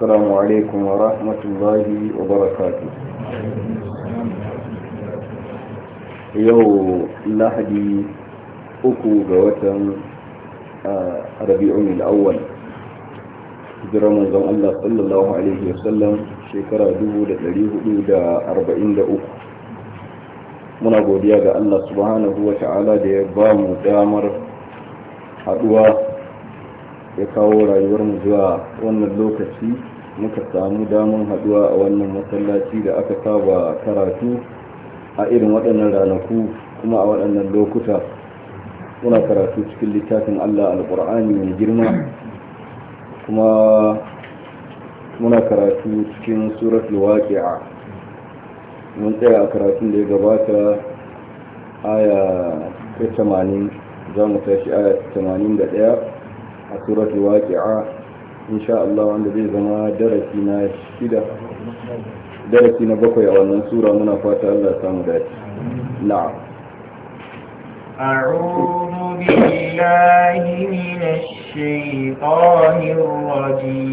السلام عليكم ورحمة الله وبركاته yau lahadi uku ga watan rabi'un al'awwal hijirar manzon Allah sallallahu alaihi wasallam shekara 1443 muna godiya ga Allah subhanahu wa ta'ala da ya ba mu damar haduwa ya kawo rayuwar mu zuwa wannan lokaci muka samu damar haduwa a wannan masallaci da aka saba karatu a irin waɗannan ranaku kuma a waɗannan lokuta muna karatu cikin littafin Allah alƙur'ani mai girma kuma muna karatu cikin suratul waqi'a mun tsaya a karatun da ya gabata aya ta 80 za mu tashi aya ta 81 سورة الواقعة إن شاء الله عند ذي زما درسنا شدة درسنا بقوا يا سورة من أفات الله سامدات نعم أعوذ بالله من الشيطان الرجيم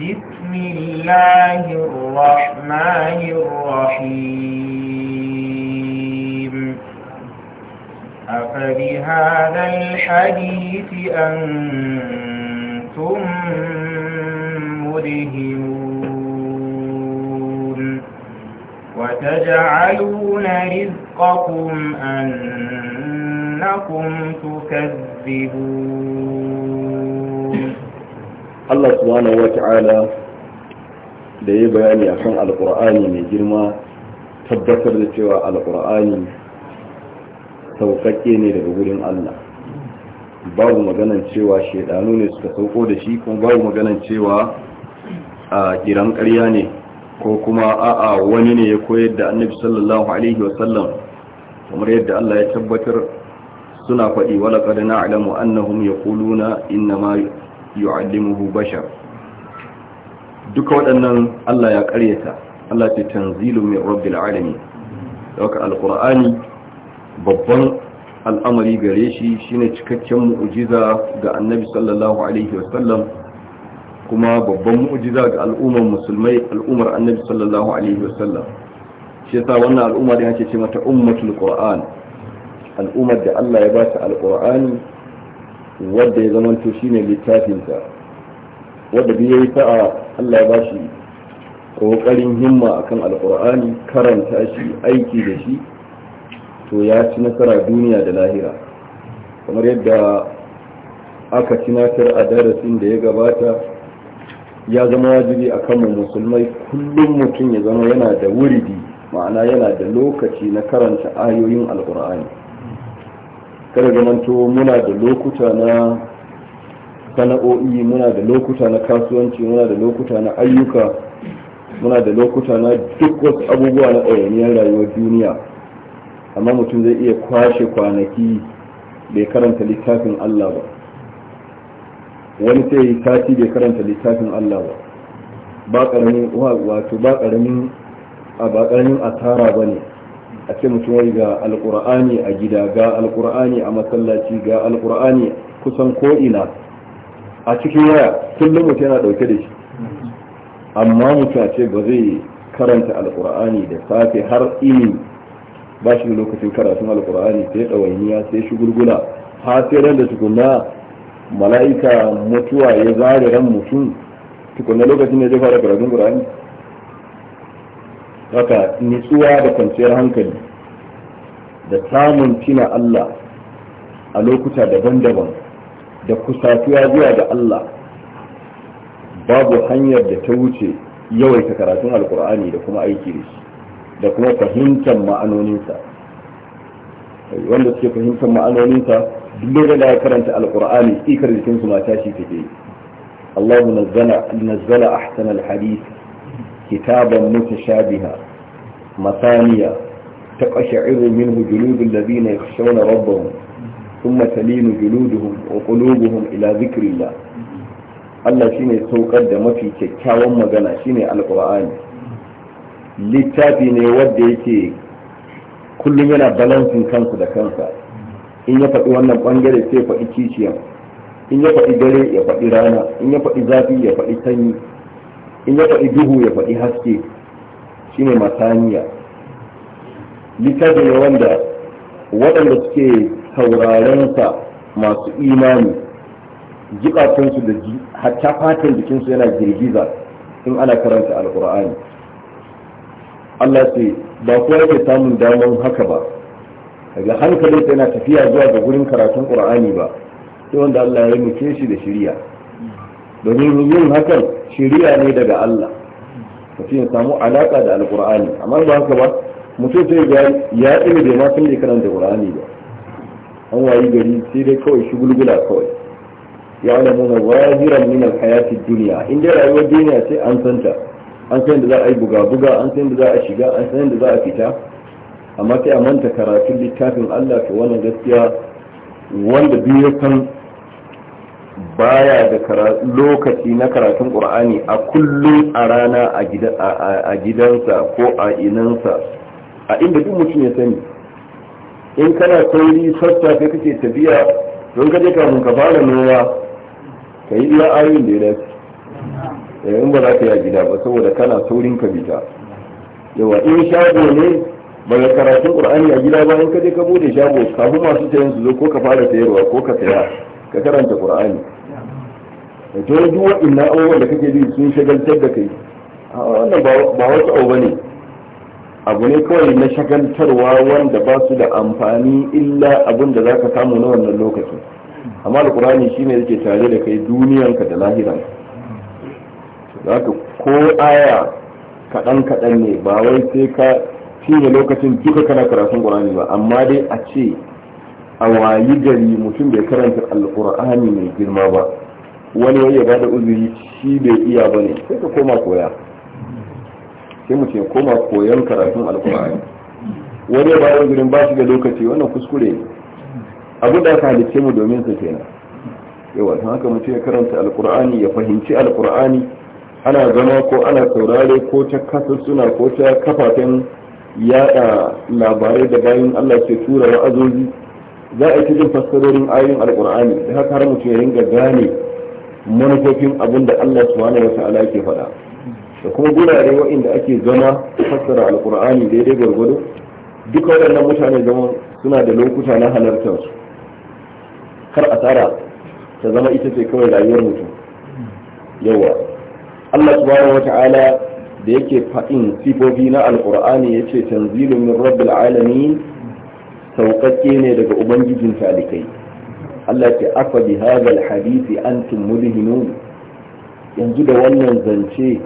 بسم الله الرحمن الرحيم أفبهذا الحديث أنتم مدهنون وتجعلون رزقكم أنكم تكذبون الله سبحانه وتعالى da ya bayani akan alkur'ani mai girma tabbatar da cewa sauƙaƙe ne daga wurin Allah babu maganan cewa shaidanu ne suka sauko da shi kuma babu maganan cewa a karya ƙarya ne ko kuma a'a wani ne ya koyar da annabi sallallahu alaihi wasallam kamar yadda Allah ya tabbatar suna faɗi wala qad na'lamu annahum yaquluna innama yu'allimuhu bashar duka waɗannan Allah ya ƙaryata Allah ce tanzilu min rabbil alamin daga alqur'ani babban al'amari gare shi shine cikakken mu'ujiza ga annabi sallallahu alaihi wasallam kuma babban mu'ujiza ga al'ummar musulmai al'ummar annabi sallallahu alaihi wasallam shi yasa wannan al'umma da yake ce mata ummatul qur'an al'ummar da Allah ya ba ta alqur'ani wanda ya zamanto shine littafinsa wanda bai yi Allah ya ba shi kokarin himma akan alqur'ani karanta shi aiki da shi to ya ci nasara duniya da lahira kamar yadda aka tunatar a darasin da ya gabata ya zama wajibi a kanmu musulmai kullum mutum ya zama yana da wuridi ma'ana yana da lokaci na karanta ayoyin alkur'ani kada zamanto muna da lokuta na sana'o'i muna da lokuta na kasuwanci muna da lokuta na ayyuka muna da lokuta na duk wasu abubuwa na ɗawainiyar rayuwar duniya amma mutum zai iya kwashe kwanaki bai karanta littafin Allah ba wani sai yi kati bai karanta littafin Allah ba ba karamin wato ba karamin a ba karamin asara ba ne a ce mutum wai ga alkur'ani a gida ga alkur'ani a masallaci ga alkur'ani kusan ko'ina a cikin waya kullum mutum yana dauke da shi amma mutum a ce ba zai karanta alkur'ani da safe har ini ba shi da lokacin karatun alkur'ani sai ɗawainiya sai shi gulgula ran da tukuna mala'ika mutuwa ya zare ran mutum tukuna lokacin da zai fara karatun qur'ani haka nitsuwa da kwanciyar hankali da samun tina Allah a lokuta daban-daban da kusatuwa zuwa ga Allah babu hanyar da ta wuce yawaita karatun alkur'ani da kuma aiki da shi da kuma fahimtar ma'anoninsa wanda suke fahimtar ma'anoninsa duk da ya karanta alkur'ani ikar jikin su mata shi take Allah nazzala nazzala ahsan alhadith kitaban mutashabiha masaniya taqashiru minhu juludul ladina yakhshawna rabbahum ثم تلين جلودهم وقلوبهم إلى ila الله Allah shine saukar da mafi kyakkyawan magana shine alkur'ani. littafi ne wanda yake kullum yana balansin kansu da kansa in ya faɗi wannan ɓangare sai faɗi kiciyan in ya faɗi dare ya faɗi rana in ya faɗi zafi ya faɗi sanyi in ya faɗi duhu ya faɗi haske shine masaniya littafi ne wanda waɗanda suke saurarensa masu imani jiƙatunsu da hatta fatan jikinsu yana girgiza in ana karanta alƙur'ani Allah ce ba kowa yake samun damar haka ba daga hankalin yana tafiya zuwa ga gurin karatun qur'ani ba sai wanda Allah ya muke shi da shiriya domin yin hakan shiriya ne daga Allah mutum ya samu alaka da alqur'ani amma ba haka ba mutum sai ga ya ɗaya bai ma san da karanta qur'ani ba an wayi gari sai dai kawai shi gulgula kawai ya jira zahiran min duniya dunya in dai rayuwar duniya sai an santa an san yadda za a yi buga-buga an san yadda za a shiga an san yadda za a fita amma sai a manta karatun littafin Allah ta wannan gaskiya wanda biyu kan baya da lokaci na karatun qur'ani a kullum a rana a gidansa ko a inansa a inda duk mutum ya sani in kana sauri sassafe kake tafiya don kaje kafin ka fara noma ka yi iya ayoyin da ya dace Eh, in ba za ka yi gida ba saboda kana saurin ka bita yawa in shago ne ba ga karatun qur'ani a gida ba in ka je ka bude shago kafin masu sayan su zo ko ka fara sayarwa ko ka saya ka karanta qur'ani eh, to duk waɗannan abubuwan da kake bi sun shagaltar da kai ah, wannan ba wasu abu bane abu ne kawai na shagaltarwa wanda ba su da amfani illa abin da za ka samu na wannan lokacin amma alkurani shine yake tare da kai duniyanka da lahiranka za ka ko aya kaɗan-kaɗan ne ba wai sai ka shi da lokacin duka kana karatun qur'ani ba amma dai a ce a wayi gari mutum bai karanta alƙur'ani mai girma ba wani wai ya bada uzuri shi bai iya ba ne sai ka koma koya sai mu ce koma koyon karatun alƙur'ani wani ya bada uzurin ba shi da lokaci wannan kuskure ne abin da aka halice mu domin su kenan yawa don haka mutum ya karanta alƙur'ani ya fahimci alƙur'ani ana zama ko ana saurare ko ta kasa suna ko ta kafafen yada labarai da bayan Allah ke tura wa'azozi za a yi jin fassarorin ayoyin alkur'ani da haka har mutum ya ringa gane manufofin abin da Allah subhanahu wa ta'ala ke faɗa da kuma gurare wa'inda ake zama fassara alkur'ani daidai gwargwado duk waɗannan mutane zama suna da lokuta na halartar su kar asara ta zama ita ce kawai rayuwar mutum yawa Allah subhanahu wata'ala da yake faɗin sifofi na alkur'ani ya ce tanzilun min rabbil alamin sauƙaƙe ne daga ubangijin talikai Allah ke afa bi hadal hadisi antum mudhinun yanzu da wannan zance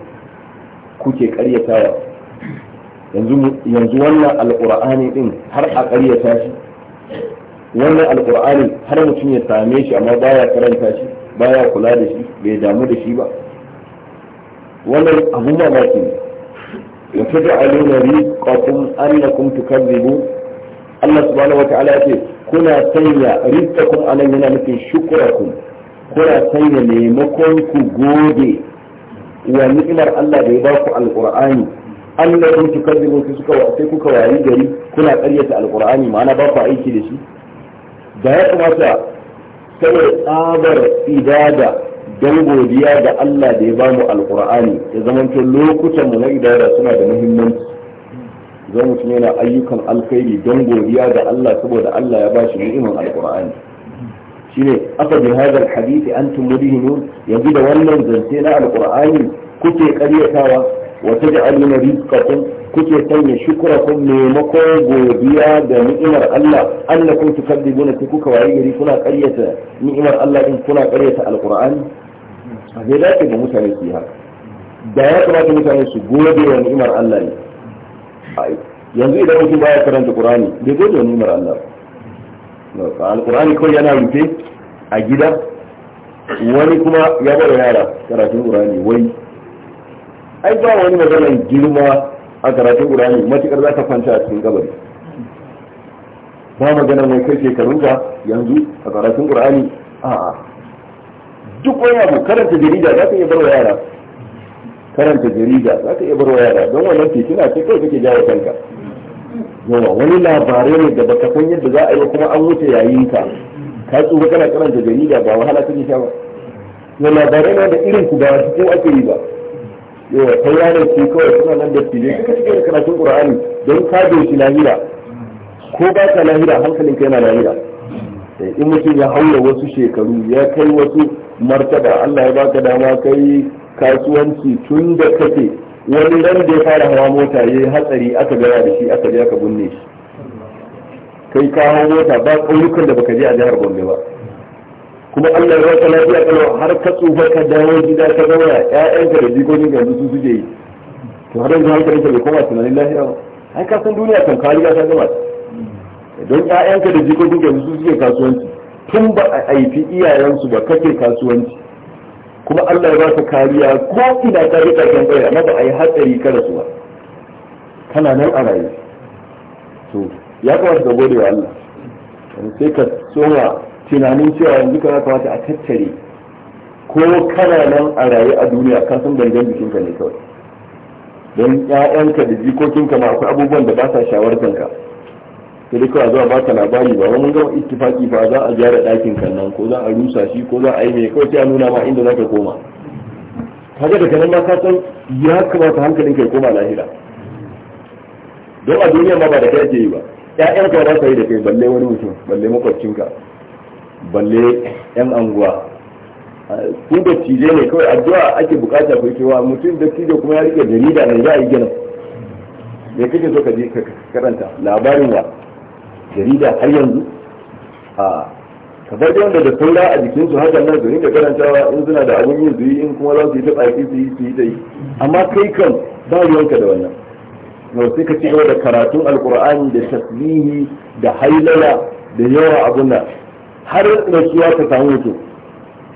kuke ƙaryatawa yanzu wannan alkur'ani din har a ƙaryata shi wannan alkur'ani har mutum ya same shi amma baya karanta shi baya kula da shi bai damu da shi ba wannan abu mamaki ya fi ja'alu na riƙakun annakum tukazzibu Allah subhanahu wa ta'ala ce kuna sanya riƙakun anan yana nufin shukurakum kuna sanya maimakon ku gode wa ni'imar Allah da ya ba ku alqur'ani annakum tukazzibu sai kuka sai kuka wayi gari kuna ƙaryata alqur'ani ma'ana ba ku aiki da shi da ya kamata sai tsabar ibada don godiya ga Allah da ya bamu alkur'ani ya zamanto lokutan mu na ibada suna da muhimmanci zan mutum yana ayyukan alkhairi don godiya ga Allah saboda Allah ya bashi ni'iman alkur'ani shine afa bi hadha alhadith antum mudhinun yanzu da wannan zance na alkur'ani kuke karyatawa Wata wa taj'aluna rizqakum kuke sanya shukurakum maimakon godiya da ni'imar Allah annakum tukadzibuna ta kuka waye gari kuna karyata ni'imar Allah din kuna ƙaryata alqur'ani a zai dace da mutane su yi haka da ya kamata mutane su gode wa ni'imar Allah ne yanzu idan mutum baya karanta qur'ani bai gode wa ni'imar Allah ba alqur'ani kawai yana rufe a gida wani kuma ya bada yara karatun qur'ani wai ai ba wani maganar girma a karatun qur'ani matukar za ka fanta a cikin kabari ba maganar mai kai shekarunka yanzu a karatun qur'ani a'a duk wani abu karanta jarida za ka iya barwa yara karanta jarida za ka iya barwa yara don wannan fitina ce kai kake jawo kanka yawa wani labarai ne da baka san yadda za a yi kuma an wuce yayin ka ka tsufa kana karanta jarida ba wahala kake shawar? ba labarai ne da irin ku ba su ake yi ba yawa ta yanar ce kawai suna nan da tije suka cike da karatun qur'ani don ka shi lahira ko ba ka lahira ka yana lahira eh, in mutum ya haura wasu shekaru ya kai wasu martaba Allah ya baka dama kai kasuwanci tun da kake wani ran da ya fara hawa mota ya yi hatsari aka gaya da shi aka je aka binne shi kai ka hawa mota ba ƙauyukan da baka je a jihar Gombe ba kuma Allah ya ka lafiya kalau har ka tsufa ka dawo gida ka zauna ƴaƴanka da jikokin ka su suke yi to har yanzu hankali ka bai koma tunanin lafiya ba ai ka san duniya kan ya ta gama don ƴaƴanka da jikokin ka su suke kasuwanci tun ba a aifi iyayensu ba kake kasuwanci kuma Allah ya baka kariya ko ina ka rika kan tsaya amma ba a yi hatsari ka su ba kana nan a rayu to ya kamata ka gode wa Allah sai ka tsoma tunanin cewa yanzu ka kamata a tattare ko kana nan a raye a duniya ka san gangan jikinka ne kawai don ƴaƴanka da jikokinka ma akwai abubuwan da ba sa shawartanka Ta dai kawai zuwa baka labari ba wani gama ittifaki ba za a gyara ɗakin kan nan ko za a rusa shi ko za a yi mai kawai sai a nuna ma inda za ka koma kaga daga nan ma ka san ya kamata hankalin kai koma lahira don a duniya ma ba da kai ake yi ba ƴaƴanka ba za su yi da kai balle wani mutum balle makwabcinka balle yan anguwa ku da tije ne kawai addu'a ake bukata ku cewa mutum da tije kuma ya rike jarida ne za a yi ginin me kake so ka je ka karanta labarin wa jarida har yanzu a ka bar wanda da saura a jikin su hakan nan su rinka karantawa in suna da abun yin su yi in kuma za su yi ta tsaki su yi su yi ta yi amma kai kan ba ruwanka da wannan yau sai ka ci gaba da karatun alkur'ani da tasbihi da hailala da yawa abun nan har rasuwa ta samu mutum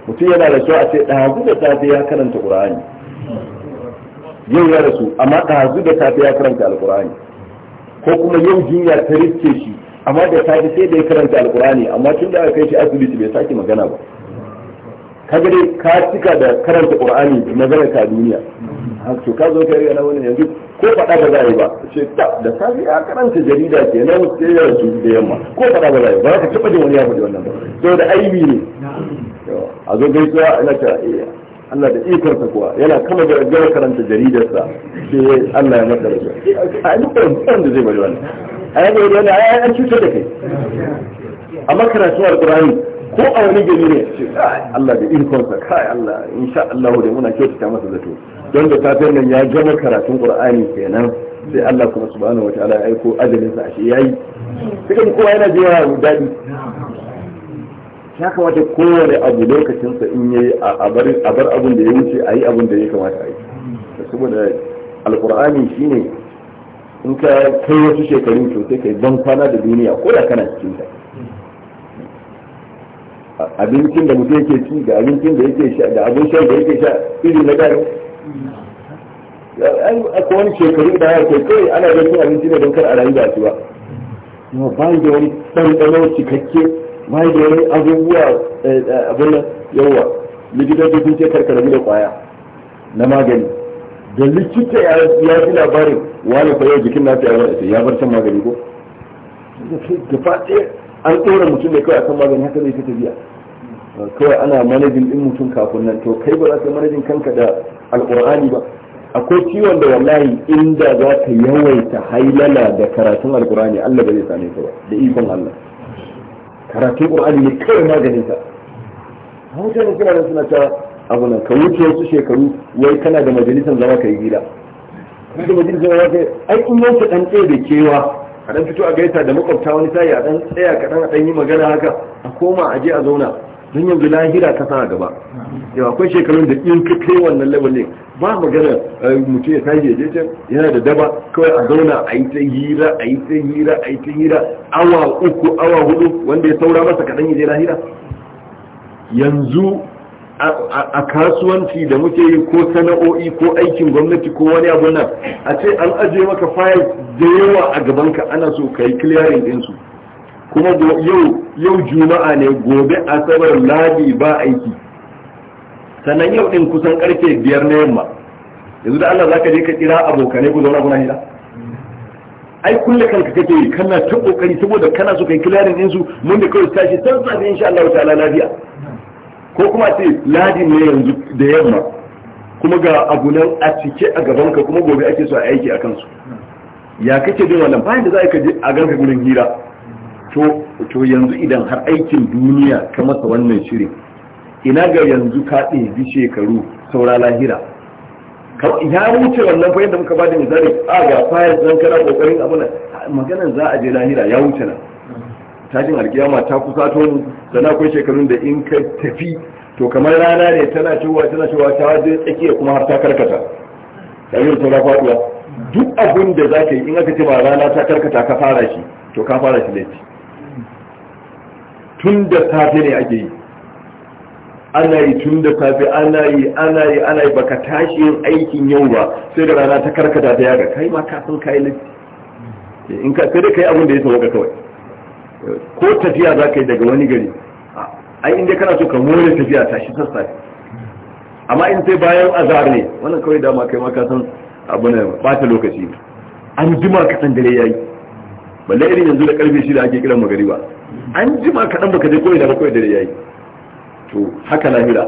mutum yana rasuwa a ce ɗazu da safe ya karanta ƙur'ani yau ya rasu amma ɗazu da safe ya karanta alƙur'ani ko kuma yau jinya ta riske shi amma da safe sai da ya karanta alƙur'ani amma tun da aka kai shi asibiti bai sake magana ba Ka dai ka cika da karanta ƙur'ani na ka duniya Ah, to ka zo kai na wani yanzu ko faɗa ba za a yi ba ce ta da safi ya karanta jarida ke nan sai ya rasu da yamma ko faɗa ba za a yi ba za ka taɓa jin wani ya faɗi wannan ba to da aibi ne a zo gaisuwa ina ta eh, Allah da ikonsa kuwa yana kama da gara karanta sa sai Allah ya masa rasu a duk da zai bari wannan a yanzu wani an cutar da kai amma karatu alƙur'ani ko a wani gari ne ce Allah da ikonsa kai Allah insha Allah da muna kyautata masa zato don da safiyar nan ya gama karatun Qur'ani kenan sai Allah kuma subhanahu wataala ya aiko ajalin sa ashe yayi dukan kowa yana jin yana dadi ya kamata kowane abu lokacin sa in yayi a bar abun da ya wuce ayi abun da ya kamata ayi saboda alqur'ani shine in ka kai wasu shekaru to sai kai ban kwana da duniya ko da kana cikin ta abincin da mutum yake ci da abincin da yake sha da abin sha da yake sha iri na gari an aka wani shekaru da haka kai ana da cin abinci ne don kar a rayu da su ba ba bayan da wani ɗanɗano cikakke bayan da wani abubuwa eh, eh, abin nan yawa likitoci sun ce karkara da kwaya na magani da likita ya fi labarin wani kwayo jikin nasu ya bar shan magani ko gaba an tsora mutum ne kawai akan magani haka zai ta tafiya kawai ana manajin ɗin mutum kafin nan to kai ba za ka manajin kanka da alkur'ani ba akwai ciwon da wallahi inda za ka yawaita hailala da karatun alkur'ani Allah ba zai same ka ba da ikon Allah karatun qur'ani ne kawai maganin ka mutane suna nan suna ta abu nan ka wuce wasu shekaru wai kana da majalisar zama ka yi gida kana da majalisar zama ka yi ai in yanke ɗan tsaye da kewa a dan fito a gaita da makwabta wani sai a dan tsaya kaɗan a dan yi magana haka a koma a je a zauna dan yanzu lahira ta sa gaba yau akwai shekarun da in ka kai wannan level ne ba magana eh, mutum ya tashi je can yana da daba kawai a zauna a yi ta hira a yi ta hira a yi ta hira awa uku awa hudu wanda ya saura masa kaɗan ya je lahira yanzu a kasuwanci da muke yi ko sana'o'i ko aikin gwamnati ko wani abu nan a ce an ajiye maka fayil da yawa a gaban ka ana so kai clearing din su kuma yau juma'a ne gobe asabar ladi ba aiki sannan yau ɗin kusan karfe biyar na yamma yanzu da Allah za ka je ka kira abokanai ku zauna kuna hira ai kulle kanka kake yi kana ta kokari saboda kana so kai clearing su mun da kawai tashi san safe insha Allah ta'ala lafiya ko kuma ce ladi ne yanzu da yamma kuma ga abu nan a cike a gaban ka, kuma gobe ake so a aiki a kansu ya kake bin wannan bayan da za ka je a ganka gurin hira to yanzu idan har aikin duniya ka masa wannan shiri ina ga yanzu ka ɗebi shekaru saura lahira ya wuce wannan fa yadda muka ba da misali a ga fayar zan ƙoƙarin kokarin maganan za a je lahira ya wuce na. tashin alkiyama ta kusa to mu na akwai shekarun da in ka tafi to kamar rana ne tana cewa tana cewa ta je tsakiya kuma har ta karkata ta yi saura faduwa duk abin da za ka yi in aka ce ba rana ta karkata ka fara shi to ka fara shi laifi tun da safe ne ake yi ana yi tun da safe ana yi ana yi ana yi baka tashi yin aikin yau ba sai da rana ta karkata ta yaga kai ma kafin kai laifi in ka sai da kai abin da ya sauka kawai ko tafiya za ka yi daga wani gari ai inda kana so ka more tafiya ta shi sassafe amma in sai bayan azar ne wannan kawai dama kai ma ka san abu na bata lokaci an jima kaɗan dare yayi balle irin yanzu da karfe shi da ake kiran magari ba? an jima kaɗan baka je koyi da ba koyi dare yayi to haka lahira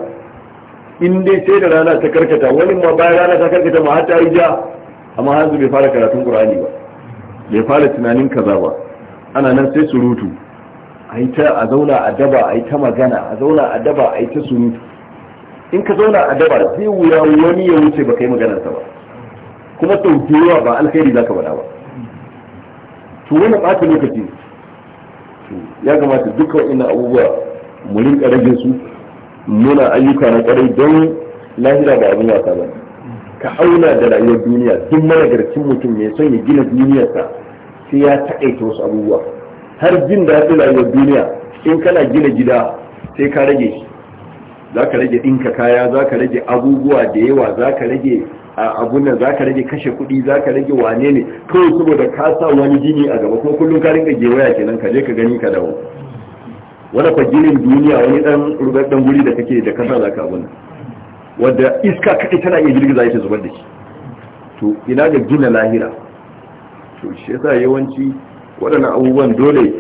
in dai sai da rana ta karkata wani ma bayan rana ta karkata ma har ta yi ja amma har bai fara karatun qur'ani ba bai fara tunanin kaza ba ana nan sai surutu a yi ta a zauna a daba a yi ta magana a zauna a daba a yi ta surutu in ka zauna a daba zai wuya wani ya wuce ba ka yi maganarsa ba kuma sau yawa ba alkhairi za ka bada ba to wani ɓata lokaci ya kamata duka wa'ina abubuwa mu rinka rage su muna ayyuka na ƙwarai don lahira ba abin wasa ba ka auna da rayuwar duniya duk managarcin mutum mai son ya gina duniyarsa sai ya taƙaita wasu abubuwa har jin daɗin rayuwar duniya in kana gina gida sai ka rage shi za ka rage ɗinka kaya za ka rage abubuwa da yawa za ka rage abun nan za ka rage kashe kuɗi za ka rage wane ne kawai saboda ka sa wani gini a gaba kuma kullum ka rinka gewaya kenan ka je ka gani ka dawo wani kwa ginin duniya wani ɗan wuri guri da kake da kasa za ka abun wadda iska kaɗai tana iya girgiza ya zubar da shi to ina ga gina lahira to shi yasa yawanci waɗannan abubuwan dole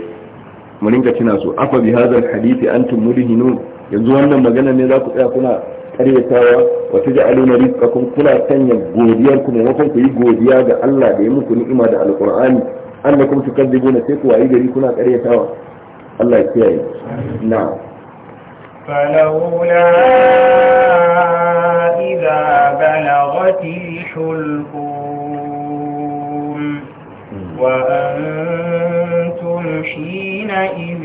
mu rinka tuna su afa bi hadal hadisi antum mudhinun yanzu wannan magana ne za ku tsaya kuna karyatawa wa taj'aluna rizqakum kuna sanya godiyar ku maimakon ku yi godiya ga Allah da ya muku ni'ima da alqur'ani annakum tukadzibuna sai ku wayi gari kuna karyatawa Allah ya kiyaye na'am فلولا إذا بلغت الحلقوم وأنتم حينئذ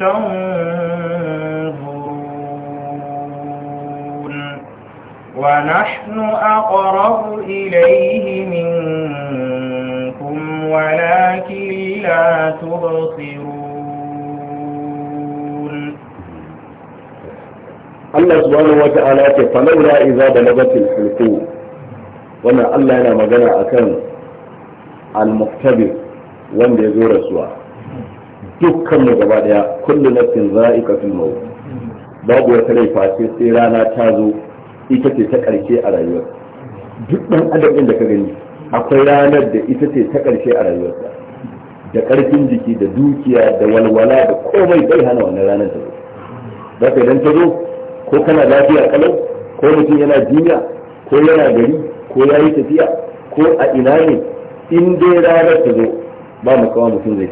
تنظرون ونحن أقرب إليه منكم ولكن لا تبصرون الله سبحانه وتعالى فلولا إذا بلغت الحلقوم wannan Allah yana magana akan al-muqtabir wanda ya zo rasuwa dukkan mu gaba daya kullu nafsin za'iqatul maut babu wata rai face sai rana ta zo ita ce ta karshe a rayuwar duk dan adam din da ka gani akwai ranar da ita ce ta karshe a rayuwarsa da karfin jiki da dukiya da walwala da komai bai hana wannan ranar ta zo da ka idan ta zo ko kana lafiya kalau ko mutum yana jinya ko yana gari ko yayi tafiya ko a ina ne in dai ranar ta zo ba mu kawo mutum zai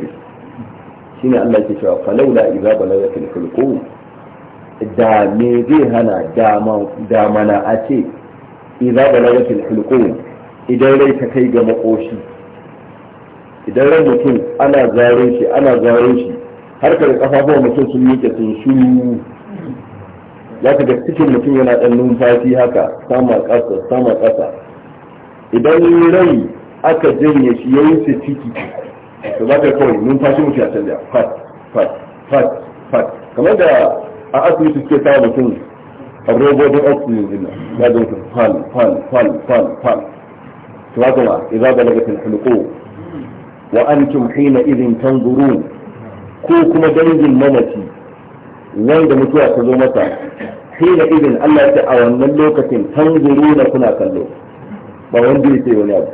fi ne Allah ke cewa falaula idza balagat al-hulqum da me zai hana da mana a ce idza balagat al-hulqum idan rai ta kai ga makoshi idan rai mutum ana zare shi ana zare shi har ka kafafuwan mutum sun miƙe sun shuru za ka ga cikin mutum yana ɗan numfashi haka sama ƙasa sama ƙasa idan rai aka janye shi ya wuce ciki to za ka kawai numfashi mutu ya canja fat fat fat fat kamar da a asibiti suke sa mutum a robodin oxygen din nan ya zo mutum fal fal fal fal fal to haka ma idza da al hulqu wa antum hina idhin tanzurun ko kuma dangin mamaci wanda mutuwa ta zo masa hina idhin Allah ya ce a wannan lokacin tanzuruna kuna kallo ba wanda ce wani abu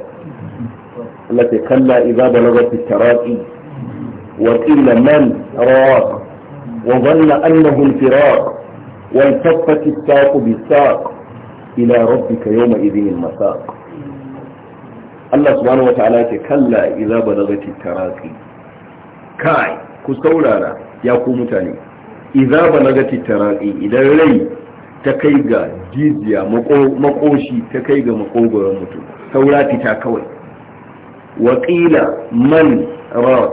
التي كلا إذا بلغت التراقي وإلا من راق وظن أنه الفراق والتفت الساق بالساق إلى ربك يومئذ المساق الله سبحانه وتعالى كلا إذا بلغت التراقي كاي كستولانا يا قومتاني إذا بلغت التراقي إذا يلي تكيغا جيزيا مقوشي تكيغا مقوغا مطو تولاتي تاكوي waƙila man ra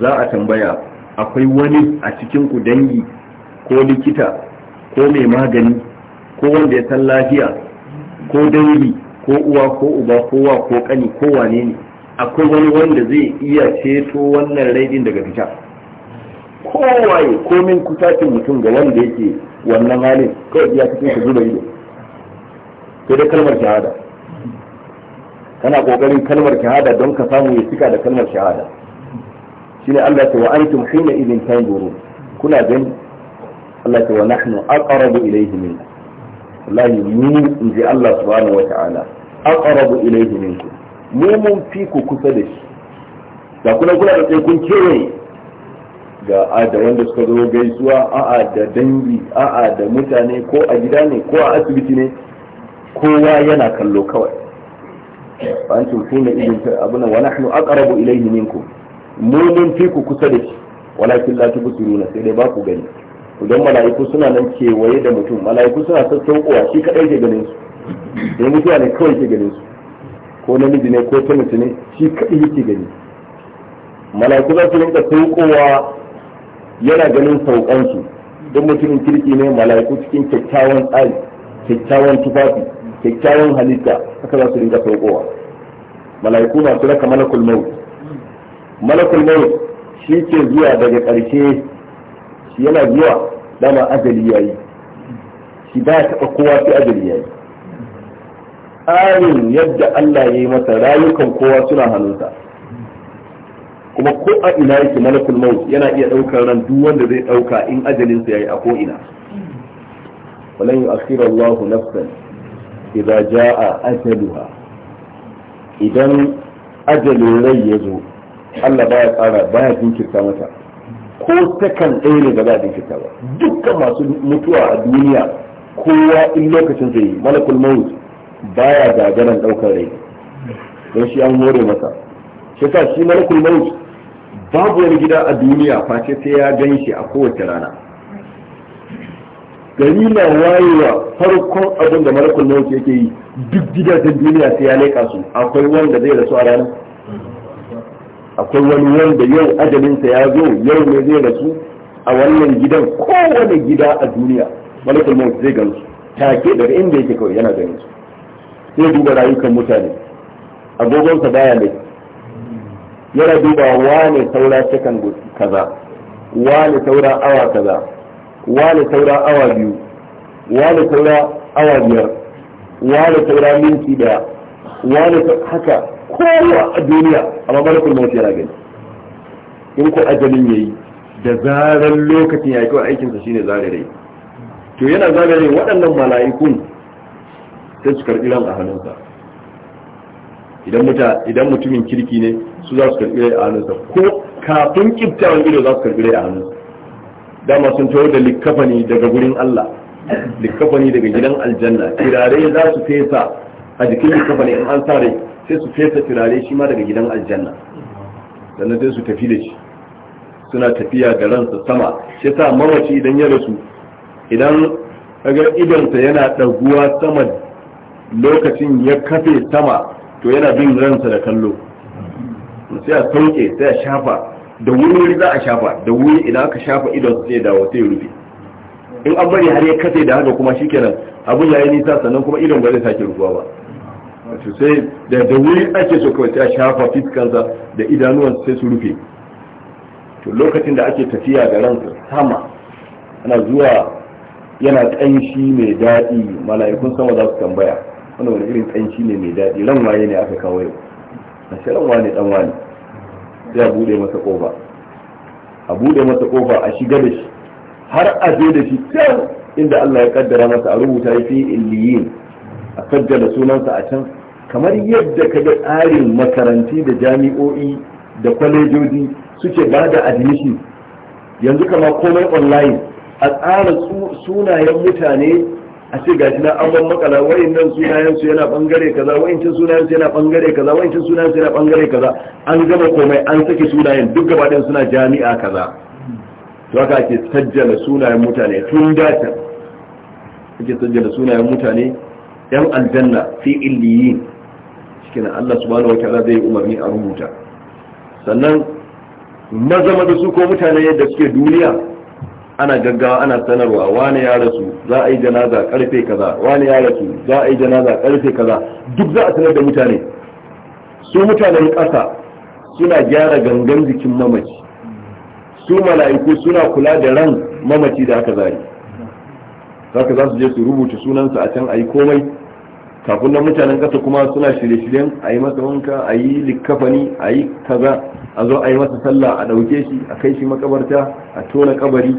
za a tambaya akwai wani a cikin ku dangi ko likita ko mai magani ko wanda ya san lafiya ko dangi ko uwa ko uba ko wa ko kani ko wane ne akwai wani wanda zai iya ceto wannan raidin daga fita kowaye komin kutacin mutum ga wanda yake wannan halin kawai ya cikin ku zuba ido sai da kalmar shahada kana kokarin kalmar shahada don ka samu ya cika da kalmar shahada shine Allah ta wa antum hina idin tanzuru kuna gani Allah ta wa nahnu aqrabu ilayhi min wallahi mu in ji Allah subhanahu wata'ala aqrabu ilayhi min mu mun fi ku kusa da shi da kuna kula da kun kewaye ga a da wanda suka zo gaisuwa a'a da dangi a'a da mutane ko a gida ne ko a asibiti ne kowa yana kallo kawai fa antum hina idin abuna wa nahnu aqrabu ilayhi minkum mu mun fi ku kusa da shi walakin la tubsiruna sai dai ba ku gani idan mala'iku suna nan kewaye da mutum mala'iku suna sassauƙowa shi kadai ke ganin su sai mutuwa ne kawai ke ganin su ko namiji ne ko ta mutu ne shi kadai yake gani mala'iku za su rinka sauƙowa yana ganin sauƙansu don mutumin kirki ne mala'iku cikin kyakkyawan tsari kyakkyawan tufafi kyakkyawan halitta haka za su rinka saukowa mala'iku masu raka malakul maut malakul maut shi ke zuwa daga ƙarshe shi yana zuwa dama ajali yayi shi ba ya taɓa kowa sai ajali yayi tsarin yadda Allah ya yi masa rayukan kowa suna hannunsa kuma ko a ina yake malakul maut yana iya ɗaukar ran duk wanda zai ɗauka in ajalinsa yayi a ko ina walan yu'akhiru nafsan idza a ajaluha idan ajalin rai ya zo Allah baya tsara baya jinkirta mata ko takan ɗaya ne ba za a jinkirta ba dukkan masu mutuwa a duniya kowa in lokacin zai yi malakul maut baya gagaran ɗaukar rai don shi an more masa shi sa shi malakul maut babu wani gida a duniya face sai ya gan shi a kowace rana gari na wayewa farkon abin da marakun mawut yake yi duk gidajen duniya sai ya leka su akwai wanda zai rasu a ranar akwai wani wanda yau ajalinsa ya zo yau ne zai rasu a wannan gidan kowane gida a duniya marakun mawut zai Ta take daga inda yake kawai yana ganin su Sai duba rayukan mutane agogonsa baya mai yana duba wane saura cikin kaza wane saura awa kaza wani saura awa biyu wani saura awa biyar wani saura minti daya wani haka kowa a duniya amma malakul mafi yana gani in ko ajalin yayi da zarar lokacin yaki wa aikinsa sa shine zare rai to yana zare rai waɗannan mala'ikun sai su karɓi ran a hannunsa idan muta idan mutumin kirki ne su za su karɓi rai a hannunsa ko kafin kiftawan ido za su karɓi rai a hannunsa dama sun tawar da likkafani daga gurin Allah likkafani daga gidan aljanna tirare za su fesa a jikin likkafani in an sa sai su fesa tirare shi ma daga gidan aljanna sannan sai su tafi da shi suna tafiya da ransa sama shi sa mawaci idan ya rasu idan kaga idonsa yana ɗaguwa sama lokacin ya kafe sama to yana bin ransa da kallo sai a sauke sai a shafa da wuri wuri za a shafa da wuri idan aka shafa ne da wata yi rufe in an bari har ya kace da haka kuma shikenan ya yi nisa sannan kuma idon ba sake rufuwa ba wato sai da da wuri ake so kawai sai a shafa fiskansa da idanuwan sai su rufe to lokacin da ake tafiya da ransa sama ana zuwa yana kanshi mai daɗi mala'ikun sama za su tambaya wani wani irin kanshi ne mai daɗi ran waye ne aka kawo yau a shi ran wane dan wane sai a bude masa kofa a bude masa kofa a shiga da shi har a je da shi can inda Allah ya kaddara masa a rubuta fi illiyin a sajjala sunansa a can kamar yadda ka ga tsarin makaranti da jami'o'i da kwalejoji suke ba da admission yanzu kama komai online a tsara sunayen mutane a ce gashi na an ban makala wayannan sunayen su yana bangare kaza wayancin sunayen su yana bangare kaza wayancin sunayen su yana bangare kaza an gama komai an saki sunayen duk gaba ɗayan suna jami'a kaza to haka ake sajjala sunayen mutane tun data ake sajjala sunayen mutane yan aljanna fi illiyin shikenan Allah subhanahu ta'ala zai umarni a rubuta sannan maza maza su ko mutane yadda suke duniya ana gaggawa ana sanarwa wane ya rasu za a yi janaza karfe kaza wani ya rasu za a yi janaza karfe kaza duk za a sanar da mutane su mutanen ƙasa suna gyara gangan jikin mamaci su mala'iku suna kula da ran mamaci da aka zari ka za su je su rubuta sunansa a can a yi komai kafin nan mutanen ƙasa kuma suna shirye-shiryen a yi masa wanka a yi likafani a yi kaza a zo a yi masa sallah a ɗauke shi a kai shi makabarta a tona kabari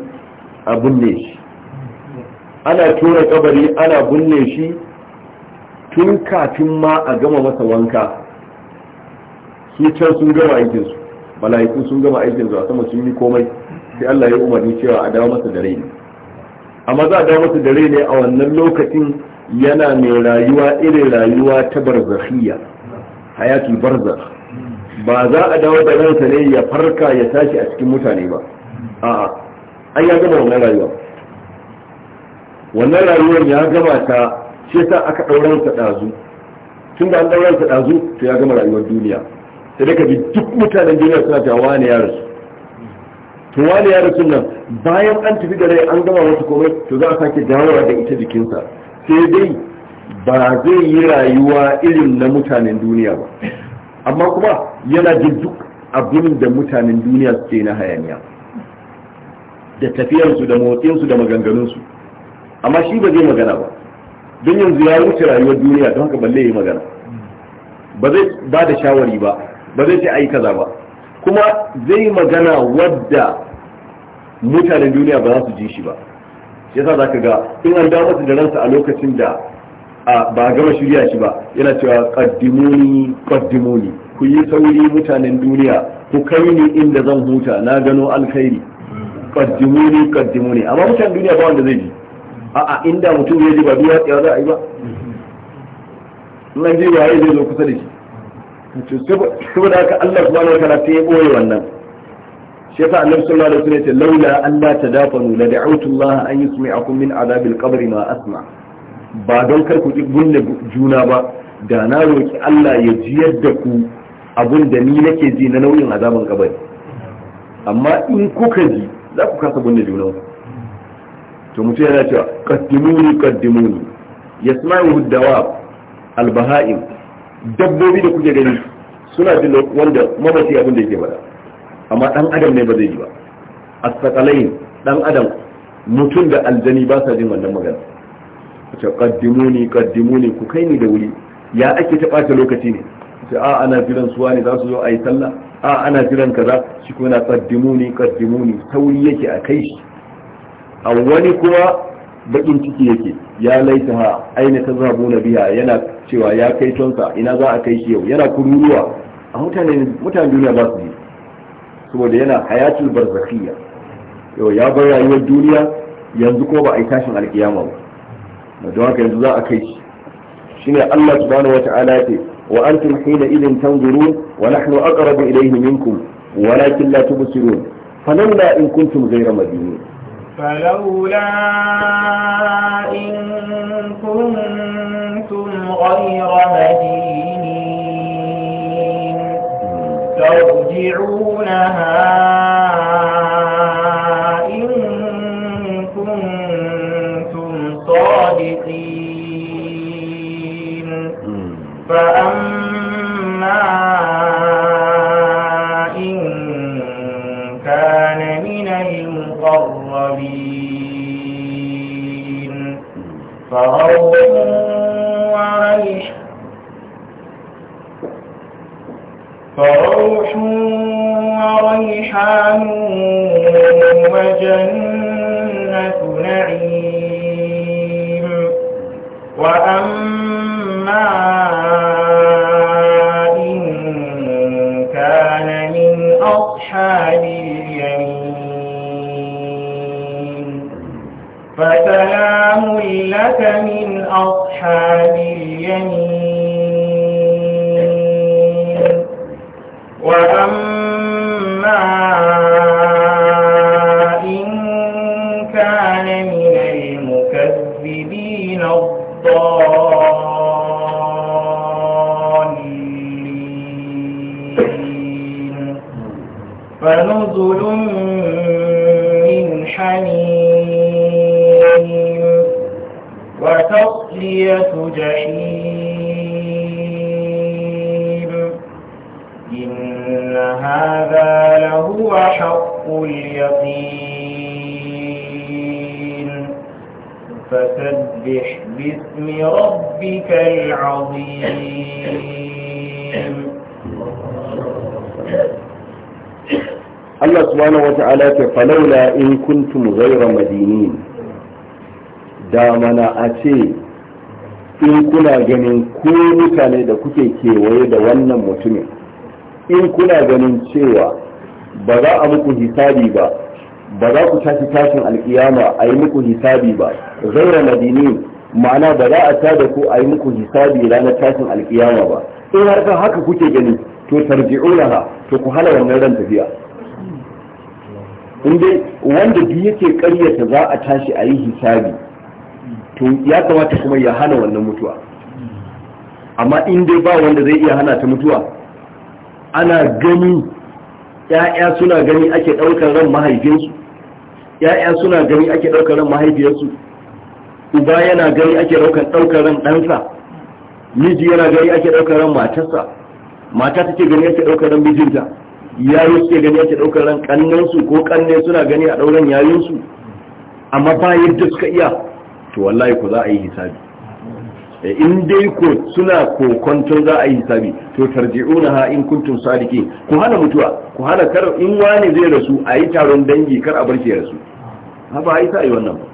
a binne shi ana tura kabari ana binne shi tun kafin ma a gama masa wanka su can sun gama aikinsu mala'iku sun gama aikinsu a sama sun yi komai sai Allah ya umarni cewa a dawo masa dare ne amma za a dawo masa dare ne a wannan lokacin yana mai rayuwa irin rayuwa ta barzakhiya hayati barzakh ba za a dawo da ransa ne ya farka ya tashi a cikin mutane ba a'a an ya gama wannan rayuwa wannan rayuwar ya gama ta shi aka ɗauran sa ɗazu tun da an ɗauran sa ɗazu to ya gama rayuwar duniya sai da ka bi duk mutanen duniya suna ta wani ya rasu to wani ya rasu nan bayan an tafi da rai an gama wata komai to za a sake dawowa da ita jikinsa sai dai ba zai yi rayuwa irin na mutanen duniya ba amma kuma yana jin duk abin da mutanen duniya suke na hayaniya da tafiyarsu da motsinsu da maganganunsu amma shi ba zai magana ba don yanzu ya wuce rayuwar duniya don haka balle ya magana ba zai ba da shawari ba ba zai ce ai kaza ba kuma zai magana wadda mutanen duniya ba za su ji shi ba yasa za ka ga in an dawo masa da ransa a lokacin da ba gama shirya shi ba yana cewa kaddimuni kaddimoni ku yi sauri mutanen duniya ku kai ni inda zan huta na gano alkhairi kaddimuni hmm. kaddimuni amma mutanen duniya ba wanda zai ji a'a inda mutum ya ji ba duwa tsaya za a yi ba nan ji waye zai zo kusa da shi saboda haka Allah subhanahu wa ta'ala sai ya boye wannan shi ta annabi sallallahu alaihi wasallam ya ce laula an la tadafanu la da'utu Allah an yusmi'akum min adabil qabr ma asma ba don kar ku ki gunne juna ba da na roki Allah ya ji yadda ku abun da ni nake ji na nauyin azaban kabari amma in kuka ji za ku kasa gunne juna ba. to mutum yana cewa qaddimuni qaddimuni yasma'u dawab albaha'im dabbobi da kuke gani suna jin wanda mamaci abin da yake faɗa amma dan adam ne ba zai ji ba a dan adam mutum da aljani ba sa jin wannan magana ta qaddimuni qaddimuni ku kai ni da wuri ya ake ta ɓata lokaci ne sai a ana jiran suwa ne za su zo a yi sallah a ana jiran kaza shi kuma na qaddimuni qaddimuni sauri yake a kai shi a wani kuma bakin ciki yake ya laita ha aina ta zabu na biya yana cewa ya kai tonsa ina za a kai shi yau yana kururuwa a mutane mutane duniya ba su yi saboda yana hayatul barzakhiyya yau ya bar rayuwar duniya yanzu ko ba a yi tashin alkiyama ba don haka yanzu za a kai shi shine Allah subhanahu wata'ala yake wa antum hina idin tanzuru wa nahnu aqrabu ilayhi minkum walakin la tubsirun falamma in kuntum ghayra madinin فلولا إن كنتم غير مدينين ترجعونها إن كنتم صادقين فأما in kuntum ghayra madinin da mana a ce in kuna ganin ku mutane da kuke kewaye da wannan mutumin in kuna ganin cewa ba za a muku hisabi ba ba za ku tashi tashin alkiyama a yi muku hisabi ba zaura madini ma'ana ba za a da ku a yi muku hisabi ranar tashin alkiyama ba in har haka kuke gani to tarji'unaha to ku hana wannan ran tafiya kun dai wanda duk yake karyata za a tashi a yi hisabi to ya kamata kuma ya hana wannan mutuwa amma in dai ba wanda zai iya hana ta mutuwa ana gani ya'ya suna gani ake ɗaukar ran mahaifinsu ya'ya suna gani ake ɗaukar ran mahaifiyarsu uba yana gani ake ɗaukar ran ɗansa miji yana gani ake ɗaukar ran matarsa mata take gani ake ɗaukar ran mijinta yayi suke gani ake ɗaukar ran kannansu ko kanne suna gani a yayin yayinsu amma ba yadda suka iya to wallahi ku za a yi hisabi e, in dai ko suna kokonton za a yi hisabi to tarji'una ha in kuntum sadiki ku hana mutuwa ku hana kar in wani zai rasu a yi taron dangi kar a bar shi rasu ha ba yi sai wannan ba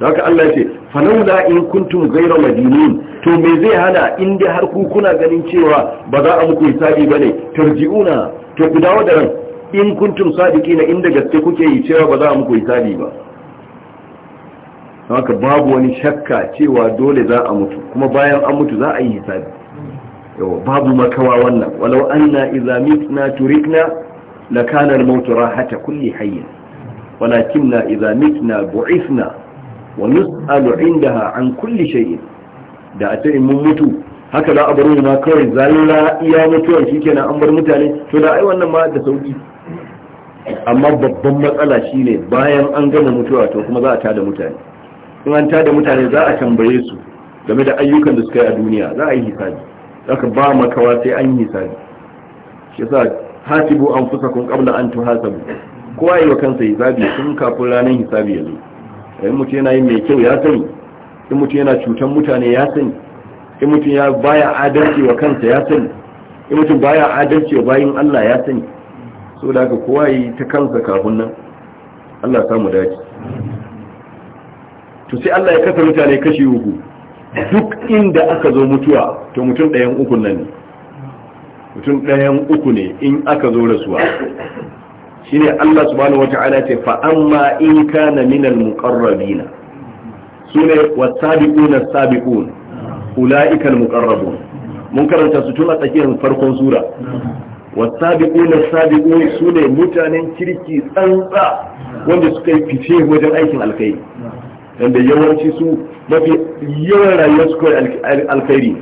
da haka Allah ya ce falawla in kuntum ghayra madinin to me zai hana in dai har ku kuna ganin cewa ba za a muku hisabi bane tarji'una to ku dawo da ran in kuntum sadiqina inda gaske kuke yi cewa ba za a muku hisabi ba haka babu wani shakka cewa dole za a mutu kuma bayan an mutu za a yi hisabi yawa babu makawa wannan walau anna idza mitna turikna lakana al-maut rahata kulli hayyin walakinna idza mitna bu'ithna wa nus'alu 'indaha an kulli shay'in da a ce mun mutu haka za a bar ma kawai zalla iya shi kenan an bar mutane to da ai wannan ma da sauki amma babban matsala shine bayan an gama mutuwa to kuma za a tada mutane in an tada mutane za a tambaye su game da ayyukan da suka yi a duniya za a yi hisabi haka ba makawa sai an yi hisabi shi yasa hasibu kun kabla an tuhasabu kowa yi wa kansa hisabi tun kafin ranar hisabi yanzu in mutum yana yin mai kyau ya sani in mutum yana cutan mutane ya sani in mutum ya baya adalci wa kansa ya sani in mutum baya adalci wa bayin Allah ya sani so da haka kowa yi ta kansa kafin nan Allah samu dace to sai Allah ya kasa mutane kashi uku duk inda aka zo mutuwa to mutum ɗayan uku nan ne mutum ɗayan uku ne in aka zo rasuwa shine Allah subhanahu wata'ala ce fa amma in kana minal muqarrabina sune wasabiquna sabiquna ula'ikal muqarrabun mun karanta su tun a tsakiyar farkon sura wasabiquna sabiqun sune mutanen kirki tsantsa wanda suka yi fice wajen aikin alkhairi wanda yawanci mafi yawan rayuwar su kawai alkhairi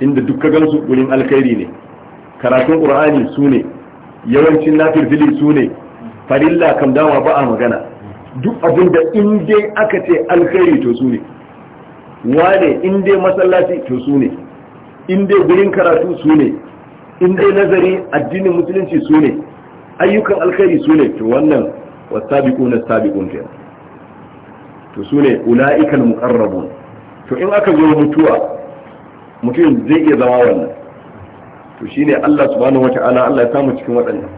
inda duk ka gansu gurin alkhairi ne karatun ƙur'ani sune, yawancin nafirfili sune, ne farilla kam dama ba a magana duk abinda in dai aka ce alkhairi to su wane in dai masallaci to su ne in dai gurin karatu su ne in dai nazari addinin musulunci su ne ayyukan alkhairi su ne to wannan wasabiquna sabiqun kenan to su ne ula'ikal muqarrabun to in aka zo mutuwa mutum zai iya zama wannan to shine Allah subhanahu wata'ala Allah ya samu cikin waɗannan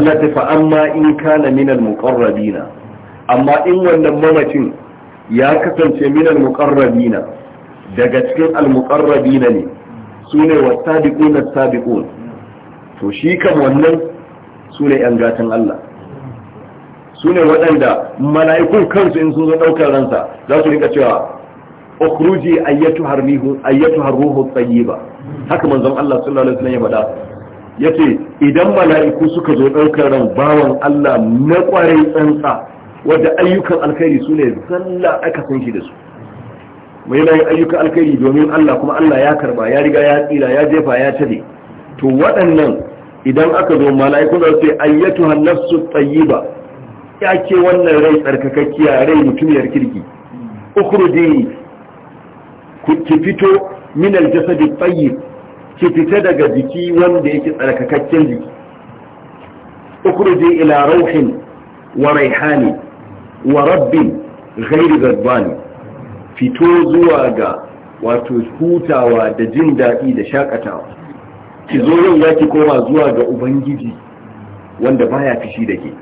Allah ta fa amma in kana minal muqarrabina amma in wannan mamacin ya kasance min al-muqarrabina daga cikin al-muqarrabina ne sune was-sabiquna as-sabiqun to shi kan wannan sune yan gatan Allah sune waɗanda mala'ikun kansu in sun zo daukar ransa za su rika cewa ukhruji ayyatu harmihu ayyatuha harruhu tayyiba haka manzon Allah sallallahu alaihi wasallam ya faɗa yace idan mala'iku suka zo daukar ran bawan Allah na kwarai tsantsa wadda ayyukan alkhairi su ne zalla aka san shi da su mai yi ayyukan alkhairi domin Allah kuma Allah ya karba ya riga ya tsira ya jefa ya cade to waɗannan idan aka zo mala'iku za su ce ayyatuha nafsu tayyiba ya ke wannan rai tsarkakakkiya rai mutumiyar kirki ukhruji ki fito min aljasadi tayyib ki fita daga jiki wanda yake tsarkakakken jiki ukhruji ila rauhin wa raihani wa rabbin ghairi gadbani fito zuwa ga wato hutawa da jin daɗi da shakatawa ki zo yau ya ki koma zuwa ga ubangiji wanda baya fishi da ke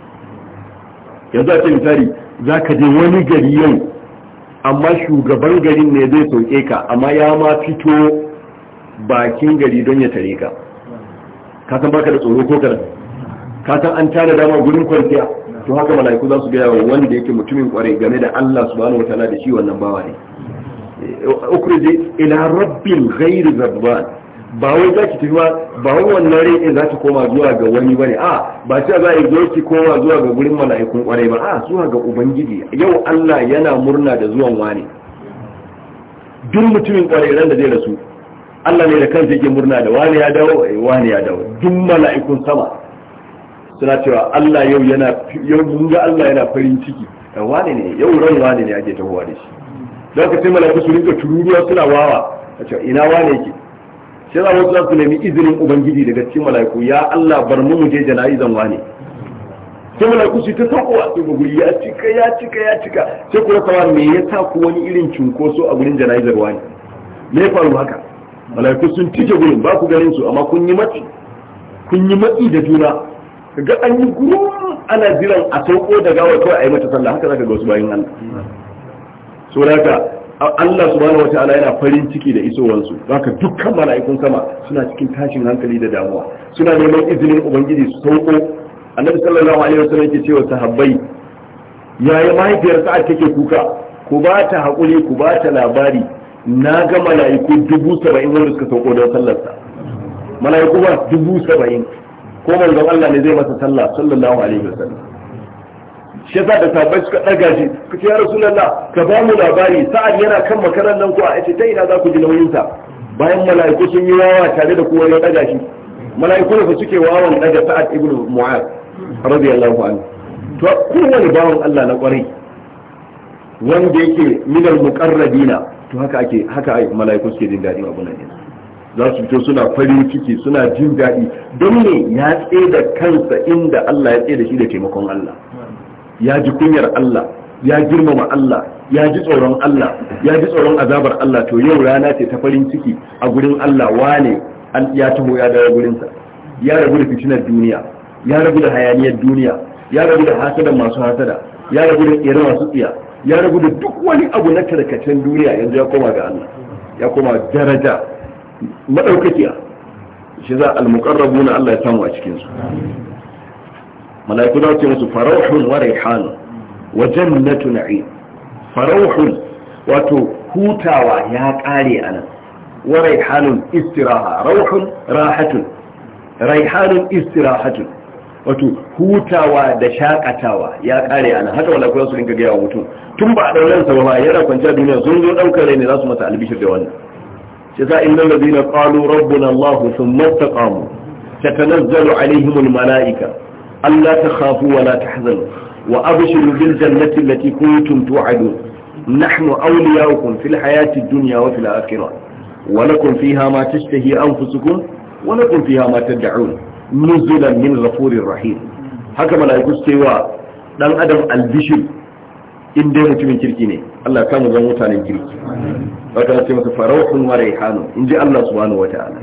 yanzu a ce misali za ka je wani gari yau amma shugaban garin ne zai soke ka amma ya ma fito bakin gari don ya tare ka ka san baka da tsoro ko ka san an tana dama gurin kwanciya to haka mala'iku za su gaya wa wanda yake mutumin kwarai game da Allah subhanahu ta'ala da shi wannan bawa ne ukrije ila rabbil ghairi rabban ba wai za ki tafi ba wai wannan rai za ta koma zuwa ga wani ba ne a ba ce za a zo ki koma zuwa ga gurin mala'ikun kwarai ba a zuwa ga ubangiji yau Allah yana murna da zuwan wani duk mutumin kwarai ran da zai rasu Allah ne da kansa yake murna da wani ya dawo eh, wani ya dawo duk mala'ikun sama suna cewa Allah yau yana yau mun ga Allah yana farin ciki wane ne yau ran wane ne ake tahowa da shi lokacin malaka su rinka tururuwa suna wawa a cewa ina wane yake sai za mu za su nemi izinin ubangiji daga cikin malaiku ya Allah bar mu mu je jana'izan wane sai malaku su ta sako a cikin guri ya cika ya cika ya cika sai ku rasa me yasa ku wani irin cunkoso a gurin jana'izar wane me ya faru haka malaiku sun tike gurin ba ku ganin su amma kun yi matsi kun yi matsi da juna ga an yi gurum ana jiran a sauko da gawa kawai a yi mata sallah haka zaka ga wasu bayin Allah so haka Allah subhanahu wata'ala yana farin ciki da isowansu haka dukkan mala'ikun sama suna cikin tashin hankali da damuwa suna neman izinin ubangiji su sauko annabi sallallahu alaihi wasallam yake cewa sahabbai yaya mahaifiyar sa'ad take kuka ku ba ta haƙuri ku ba ta labari na ga mala'iku dubu saba'in wanda suka sauko don sallarsa mala'iku ba dubu saba'in ko manzon Allah ne zai masa sallah sallallahu alaihi wasallam shi yasa da sabai suka daga shi ku ce ya rasulullah ka ba mu labari sa'ad yana kan makaran nan ko a ce ta ina za ku ji nauyin sa bayan mala'iku sun yi wawa tare da kowa ya daga shi mala'iku ne suke wawan daga sa'ad ibn mu'az radiyallahu anhu to kowane bawan Allah na kwarai wanda yake minal muqarrabina to haka ake haka mala'iku suke jin dadi abun nan za su fito suna farin ciki suna jin daɗi don ne ya tsaye da kansa inda Allah ya tsaye da shi da taimakon Allah ya ji kunyar Allah ya girmama Allah ya ji tsoron Allah ya ji tsoron azabar Allah to yau rana ce ta farin ciki a gurin Allah wane an ya taho ya dawo gurinsa ya rabu da fitinar duniya ya rabu da hayaniyar duniya ya rabu da hasadan masu hasada ya rabu da tsere masu tsiya ya rabu da duk wani abu na karkacen duniya yanzu ya koma ga Allah ya koma daraja madaukakiya shi za al-muqarrabu na Allah ya samu a cikin su mala'iku za su musu farauhun wa raihan wa jannatu na'im farauhun wato hutawa ya kare ana wa raihanun istiraha rauhun rahatun raihanun istirahatun wato hutawa da shakatawa ya kare ana haka wala su rinka gaya wa mutum tun ba a daular sa ba yana kwanciya duniya sun zo daukar rai ne za su masa albishir da wannan shi za inna ladina qalu rabbuna allah thumma istaqamu tatanazzalu alaihim almalaika alla takhafu wa la tahzanu wa abshiru bil jannati allati kuntum tu'adun nahnu awliyaukum fil hayati ad-dunya wa fil akhirah wa lakum fiha ma tashtahi anfusukum wa lakum fiha ma tad'un nuzulan min ghafurir rahim haka malaiku cewa dan adam albishir in dai mutumin kirki ne Allah ya samu zan mutanen kirki wata ce masa farauhun wa raihanu in ji Allah subhanahu wa ta'ala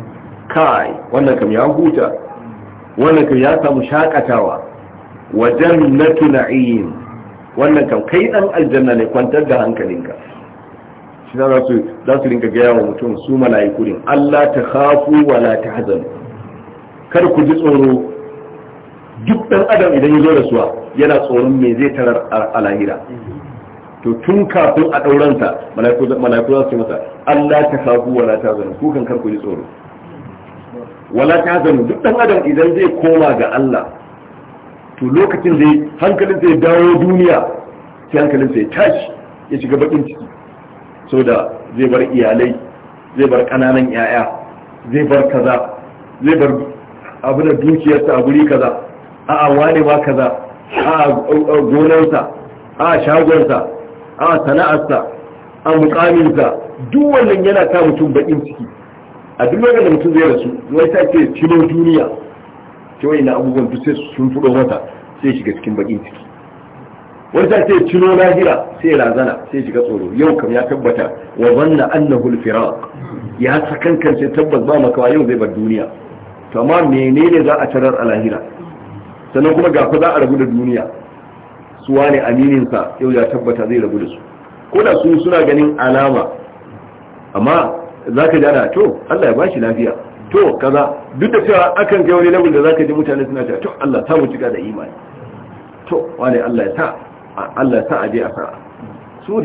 kai wannan kam ya huta wannan kam ya samu shakatawa wa jannatu na'im wannan kam kai dan aljanna ne kwantar da hankalinka shi za su za su rinka gaya wa mutum su mala'iku din Allah ta khafu wa la tahzanu kar ku ji tsoro duk dan adam idan ya zo da suwa yana tsoron me zai tarar a lahira to tun kafin a ɗauransa mala'iku za su masa Allah ta kafu wala ta zanu ku kan karku ji tsoro wala ta zanu duk dan adam idan zai koma ga Allah to lokacin zai hankalin zai dawo duniya sai hankalin zai tashi ya shiga bakin ciki saboda zai bar iyalai zai bar kananan yaya zai bar kaza zai bar abu da dukiyarsa a guri kaza a'a wane ma kaza a'a gonarsa a'a shagonsa a sana'arsa a mukaminsa duk wannan yana ta mutum baƙin ciki a duk wanda da mutum zai rasu wai ta ce cino duniya ce wai na abubuwan duk sai sun fudo mata sai shiga cikin baƙin ciki wai ta ce cino lahira sai razana sai shiga tsoro yau kam ya tabbata wa zanna annahu al-firaq ya sakankan sai tabbas ba makawa yau zai bar duniya to amma menene za a tarar a lahira sannan kuma ga ku za a rabu da duniya su wane amininsa yau ya tabbata zai rabu da su ko da su suna ganin alama amma za ka jana to Allah ya bashi lafiya to kaza duk da cewa akan kai wani labin da za ka ji mutane suna cewa to Allah ta mu cika da imani to wane Allah ya sa Allah ya sa a je a sa su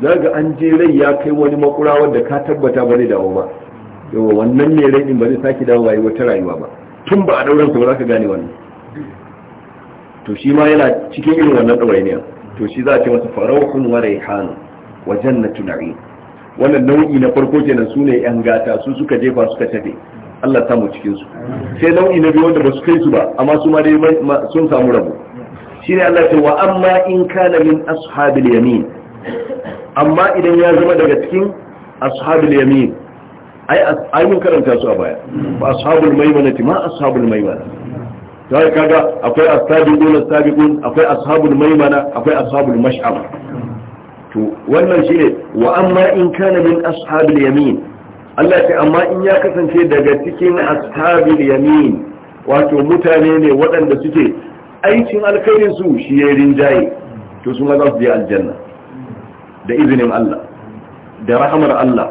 da ga an je rai ya kai wani makura wanda ka tabbata ba zai dawo ba yawa wannan ne rai din ba zai saki dawo ba wata rayuwa ba tun ba a dauran ba za ka gane wannan to shi ma yana cikin irin wannan ɗawainiyar to shi za a ce masa farauhun wa raihanu wa jannatu na'im wannan nau'i na farko kenan su ne yan gata su suka jefa suka tafe Allah samu cikin su sai nau'i na biyu wanda ba su kai su ba amma su ma dai sun samu rabo shine Allah ce wa amma in kana min ashabil yamin amma idan ya zama daga cikin ashabil yamin ai ai mun karanta su a baya Ba ashabul maimanati ma ashabul maimana yi kaga akwai as-sabiqun as akwai ashabul maimana akwai ashabul mash'am to wannan shine wa amma in kana min ashabil yamin Allah ce amma in ya kasance daga cikin ashabil yamin wato mutane ne waɗanda suke aikin alkhairin su shi ya rinjaye to sun za su je aljanna da izinin Allah da rahamar Allah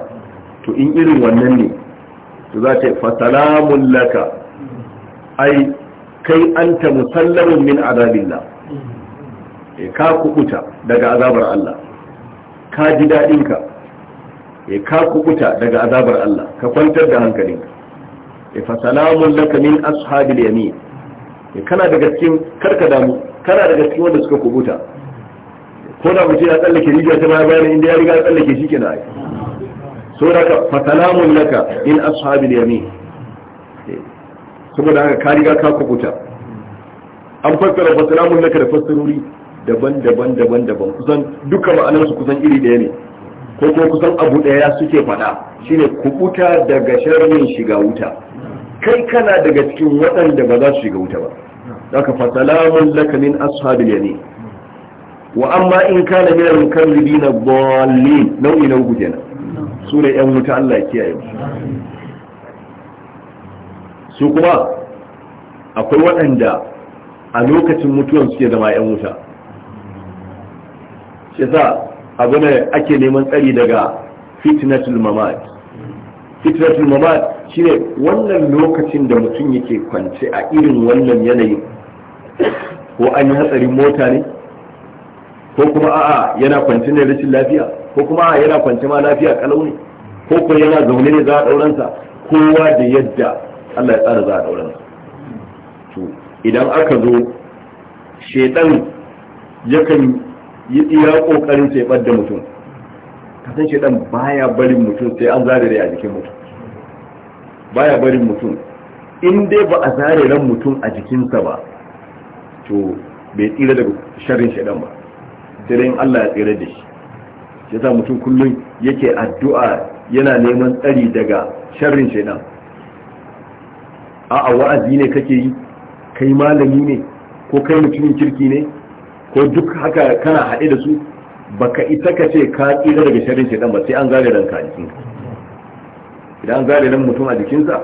to in irin wannan ne to za ta fa salamun laka ai kai an ta musallamun min azabillah eh, ka kubuta daga azabar Allah ka ji daɗinka eh, ka kubuta daga azabar Allah ka kwantar da hankalinka eh, fa salamun laka min ashabil yamin E kana daga cikin karka damu kana daga cikin wanda suka kubuta ko da mutum ya tsallake rijiya ta baya bayan inda ya riga ya tsallake shi kenan ai so da ka fa salamun laka in ashabil yamin saboda haka ka riga ka kubuta an fassara fasalamun naka da fassarori daban-daban daban-daban kusan duka ma'anarsu kusan iri ɗaya ne ko kuma kusan abu ɗaya suke faɗa shine kubuta daga sharrin shiga wuta kai kana daga cikin waɗanda ba za su shiga wuta ba haka fasalamun laka min ashabil yamin wa amma in kana min al-mukarribin ad-dallin nau'i na uku sura yan wuta Allah ya kiyaye su kuma akwai waɗanda a lokacin mutuwan suke zama 'yan wuta shi sa abu ne ake neman tsari daga fitnatul mamad fitnatul shi ne wannan lokacin da mutum yake kwance a irin wannan yanayin ko an yi hatsarin mota ne ko kuma a'a yana kwance ne rashin lafiya ko kuma a'a yana kwance ma lafiya kalau ne ko kuma yana zaune ne za a ɗauransa kowa da yadda Allah ya tsara za a daura to idan aka zo shedan yakan yi iya kokarin sai bar da mutum kasan shedan baya barin mutum sai an zare rai a jikin mutum baya barin mutum in dai ba a zare ran mutum a jikinsa ba to bai tsira daga sharrin shedan ba sai in Allah ya tsira da shi yasa mutum kullum yake addu'a yana neman tsari daga sharrin shedan a'a wa'azi ne kake yi kai malami ne ko kai mutumin kirki ne ko duk haka kana haɗe da su baka ita ka ce ka tsira daga sharin shaitan ba sai an gane ranka a ka idan an gane ran mutum a jikinsa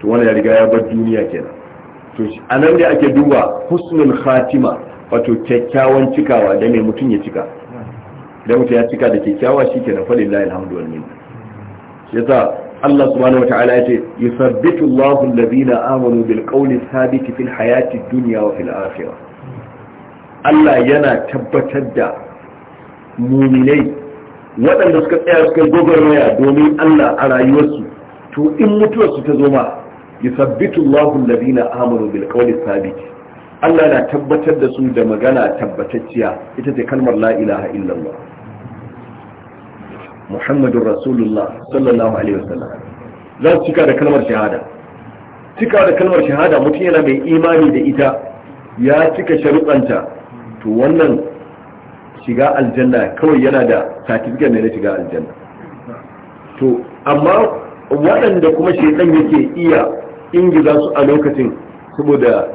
to wani ya riga ya bar duniya kenan to a nan ne ake duba husnul khatima wato kyakkyawan cikawa da mai mutum ya cika idan mutum ya cika da kyakkyawa shi kenan falillahi alhamdu wal minna yasa Allah subhanahu wataala ce, yi Allahu alladhina amanu bil qawli thabiti fil hayati duniya wa fil akhirah Allah yana tabbatar da muminai waɗanda suka tsaya suka gwagwarmaya domin Allah a rayuwarsu to in mutuwarsu ta zo ma yusabbitu Allahu alladhina amanu bil qawli sabiti. Allah yana tabbatar da su da magana tabbatacciya ita ce kalmar la'ilaha illallah muhammadun rasulullah sallallahu alaihi wasallam za su cika da kalmar shahada cika da kalmar shahada mutum yana mai imani da ita ya cika sharuɗanta to wannan shiga aljanna kawai yana da satifikan ne na shiga aljanna to amma waɗanda kuma shaidan yake iya ingiza su a lokacin saboda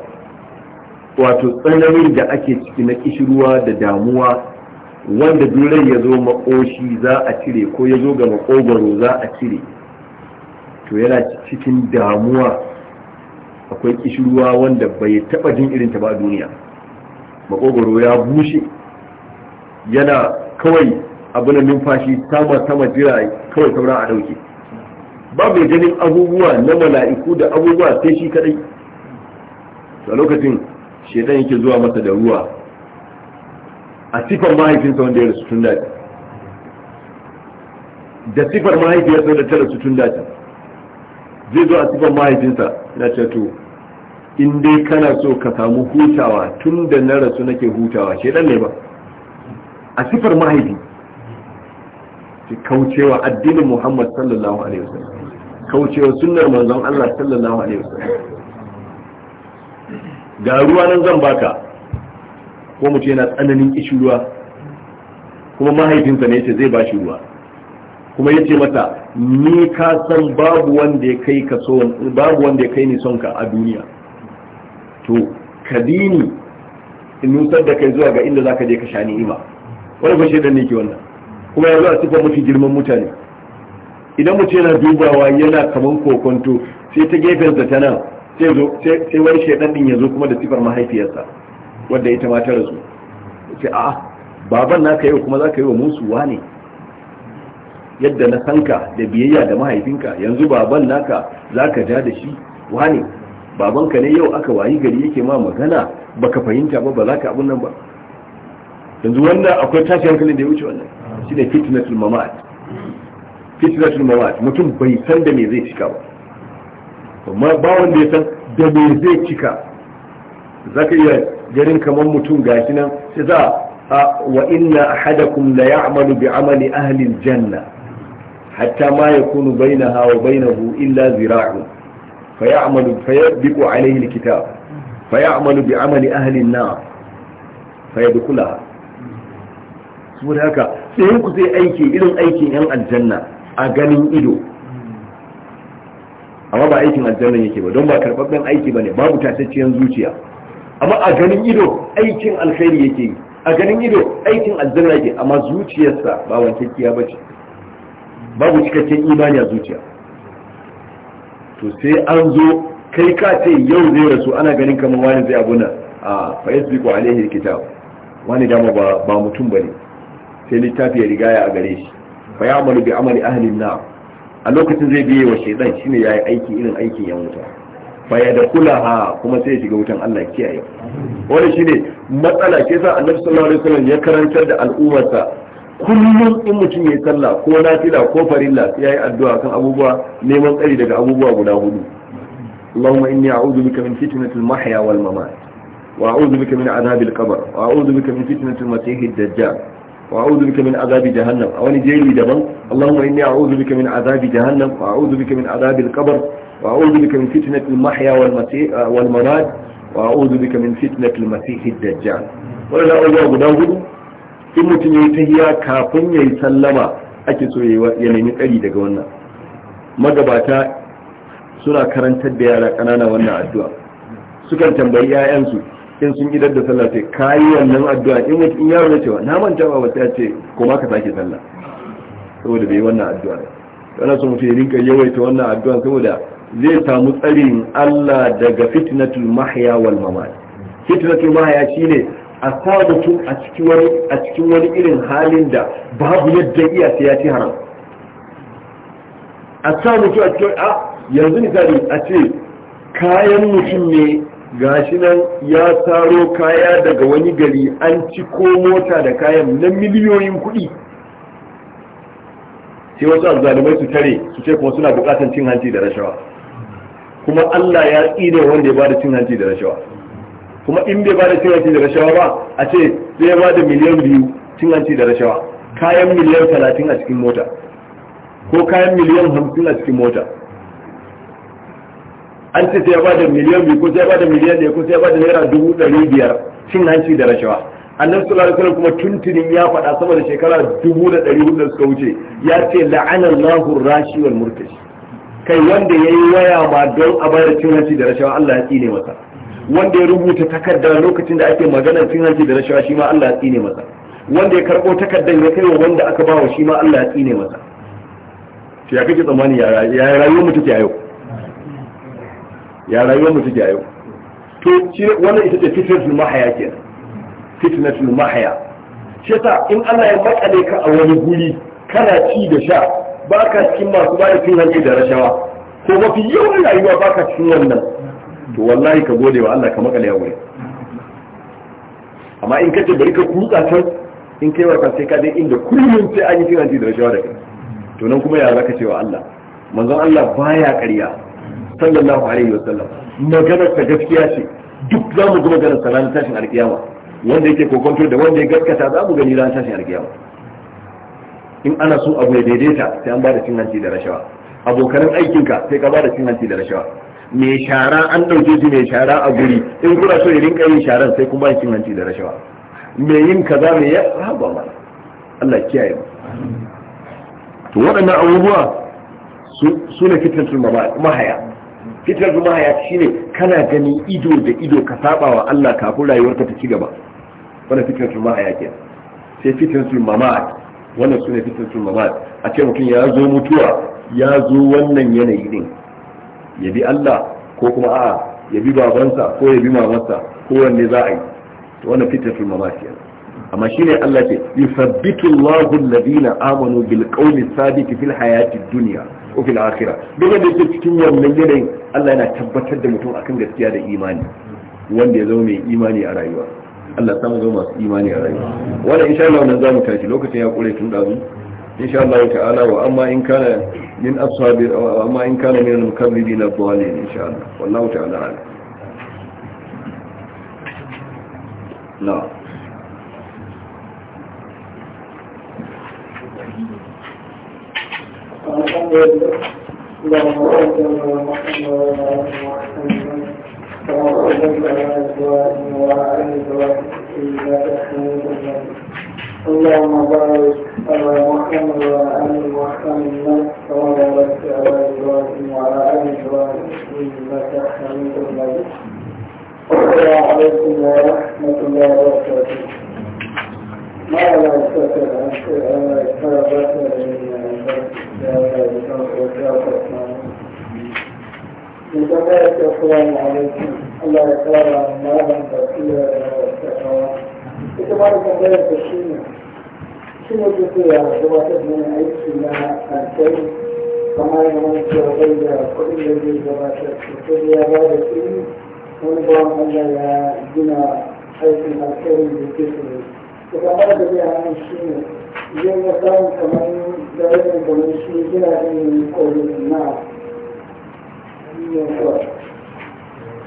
wato tsananin da ake ciki na kishirwa da damuwa wanda durai ya zo makoshi za a cire ko ya zo ga maƙogwaro za a cire to yana cikin damuwa akwai kishirwa wanda bai taba jin irin ta ba duniya Maƙogwaro ya bushe yana kawai abu na numfashi sama sama jira kawai sauran a dauke ba mai ganin abubuwa na mala'iku da abubuwa sai shi kadai a lokacin shedan yake zuwa masa da ruwa a sifar mahaifinsa wanda ya rasu tun dace da sifar mahaifiyarsa da ta rasu tun dace zai zo a sifar mahaifinsa na ce to in dai kana so ka samu hutawa tun da na rasu nake hutawa ɗan ne ba a sifar mahaifi ki kaucewa addinin Muhammad sallallahu alaihi wasallam kaucewa sunnar manzon Allah sallallahu alaihi wasallam ga ruwa nan zan baka ko mu ce yana tsananin kishi ruwa kuma mahaifinsa ne yace zai ba shi ruwa kuma yace mata ni ka san babu wanda ya kai ka so babu wanda ya kai ni son ka a duniya to kadini in nusar da kai zuwa ga inda zaka je ka sha ni'ima wani ba shaidan ne ke wannan kuma yanzu a sifa mafi girman mutane idan mutum yana dubawa yana kaman kokonto sai ta gefensa ta nan sai wani shaidan din ya zo kuma da sifar mahaifiyarsa wanda ya tamata rasu sai a baban naka yau kuma za ka yi wa musu wane yadda na sanka da biyayya da mahaifinka yanzu baban naka za ka ja da shi wane ka ne yau aka wayi gari yake ma magana baka fahimta ba ba za ka abun nan ba yanzu wannan akwai tashi hankalin da ya wuce wannan shi ne fitnatul mamat fitnatul mamat mutum bai san da me zai cika ba amma ba wanda ya san da me zai cika za ka iya garin kamar mutum gashi nan sai za a wa inna ahadakum la ya'malu bi amali ahli janna. hatta ma yakunu bainaha wa bainahu illa zira'un fa ya'malu fa yabiqu alayhi alkitab fa ya'malu bi amali ahli an-nar fa yadkhulaha saboda haka sai ku sai aiki irin aikin yan aljanna a ganin ido amma ba aikin aljanna yake ba don ba karbabben aiki bane babu tasacciyar zuciya amma a ganin ido aikin alkhairi yake yi a ganin ido aikin aljanna yake amma zuciyarsa ba wankakkiya ba ce babu cikakken imani a zuciya to sai an zo kai ka ce yau zai rasu ana ganin kamar wani zai abuna a fayas biko alaihi kitab wani dama ba mutum bane sai littafi ya rigaya a gare shi fa amalu bi amali ahli na? a lokacin zai biye wa shaydan shine yayi aiki irin aikin yan wuta faya da kulaha kuma sai shiga wutan Allah kiyaye wani shine matsala ke sa annabi sallallahu alaihi wasallam ya karantar da al'ummarsa kullum in mutum ya yi sallah ko nafila ko farilla ya yi addu'a kan abubuwa neman tsari daga abubuwa guda hudu اللهم إني أعوذ بك من فتنة المحيا والممات وأعوذ بك من عذاب القبر وأعوذ بك من فتنة المسيح الدجال وأعوذ بك من عذاب جهنم أولي جيلي دبن اللهم إني أعوذ بك من عذاب جهنم وأعوذ بك من عذاب القبر وأعوذ بك من فتنة المحيا والمراد وأعوذ بك من فتنة المسيح الدجال ولا أعوذ أبو داود in mutum ya yi tahiya kafin ya yi sallama ake so ya nemi tsari daga wannan magabata suna karantar da yara ƙanana wannan in sun idar da sallah sai kayi wannan addu'a in wata in yaro cewa na manta ba wata ce kuma ka sake sallah saboda bai wannan addu'a ana sun mutu ya rinka yawaita wannan addu'a saboda zai samu tsarin Allah daga fitnatul mahya wal mamat fitnatul mahya shine a sa mutum a cikin wani a cikin wani irin halin da babu yadda iya sai ya ci haram a sa mutum a cikin a yanzu misali a ce kayan mutum ne gashi nan ya taro kaya daga wani gari an ci ko mota da kayan na miliyoyin kuɗi sai wasu azzalumai su tare su ce kuma suna bukatan cin hanci da rashawa kuma Allah ya tsine wanda ya bada cin hanci da rashawa kuma in bai bada cin hanci da rashawa ba a ce zai bada miliyan biyu cin hanci da rashawa kayan miliyan talatin a cikin mota ko kayan miliyan hamsin a cikin mota an ce sai ya bada miliyan biyu ko sai ya bada miliyan ɗaya ko sai ya bada naira dubu ɗari biyar cin hanci da rashawa An sallallahu su lalata kuma tuntunin ya faɗa sama da shekara dubu da ɗari hudu da suka wuce ya ce la'anallahu rashi wal murtashi kai wanda ya yi waya ma don a bayar cin hanci da rashawa Allah ya tsine masa wanda ya rubuta takardar lokacin da ake maganar cin hanci da rashawa shi ma Allah ya tsine masa wanda ya karɓo takardar ya kai wa wanda aka bawa shi ma Allah ya tsine masa to ya kake tsammani ya rayuwar mu take a yau ya rayuwar mu take a yau to wannan ita ce fitnatul mahaya kenan fitnatul mahaya shi yasa in Allah ya makale ka a wani guri kana ci da sha ba ka cikin masu ba da cin hanci da rashawa ko mafi yawan rayuwa ba ka cikin wannan to wallahi ka gode wa Allah ka makale ya wuri amma in ka ce bari ka kutsa can in kai warka sai ka dai inda kullum sai an yi cin hanci da rashawa da kai to nan kuma ya za ka ce wa Allah manzon Allah baya ƙarya sallallahu alaihi wasallam maganar ta gaskiya ce duk za mu ga ganin sa ranar tashin alkiyama wanda yake kokonto da wanda ya gaskata za mu gani ranar tashin alkiyama in ana so abu ya daidaita sai an ba da cin hanci da rashawa abokanan aikinka sai ka ba da cin hanci da rashawa mai shara an ɗauke shi mai shara a guri in kuna so ya rinka yin sharan sai kuma cin hanci da rashawa mai yin kaza mai ya haba ma Allah kiyaye mu to waɗannan abubuwa su ne fitnatul mahaya fitar zuma ya shi ne kana gani ido da ido ka saba wa Allah kafin rayuwarka ta ci gaba wannan fitar zuma ya ke sai fitar zuma ma wannan su ne fitattun mamat a ce mutum ya zo mutuwa ya zo wannan yanayi din ya bi Allah ko kuma a'a ya bi babansa ko ya bi mamansa ko wanne za a yi to wannan fitattun mamat kenan amma shine Allah ce yusabbitu Allahu alladhina amanu bil qawli thabiti fil hayati dunya wa fil akhirah duk wanda yake cikin wannan yanayin Allah yana tabbatar da mutum akan gaskiya da imani wanda ya zama mai imani a rayuwa Allah samu zo masu imani a rayu wannan insha Allah wannan zamu tashi lokacin ya kure tun dazu insha Allah ta'ala wa amma in kana min ashabi wa amma in kana min al-mukarribin ad-dhalin insha Allah wallahu ta'ala ala na Thank you. اللهم بارك على محمد وعلى ال محمد كما باركت على ابراهيم وعلى ال ابراهيم انك حميد مجيد السلام عليكم ورحمه الله وبركاته ما لا استطيع ان اتابعك من ذلك يا رب وبارك السلام عليكم الله يكرم مالا كثيرا وتقوى وتبارك الله تشينا شنو جزء واحد من عيش لنا الكيل كما يمنع غير كل الذي جرت الدنيا بعد فيه ونبغى الله يدينا حيث الكيل بكثره وتبارك الله عن شنو يوم كان كمان دائما كمان شنو جرى من قول الناس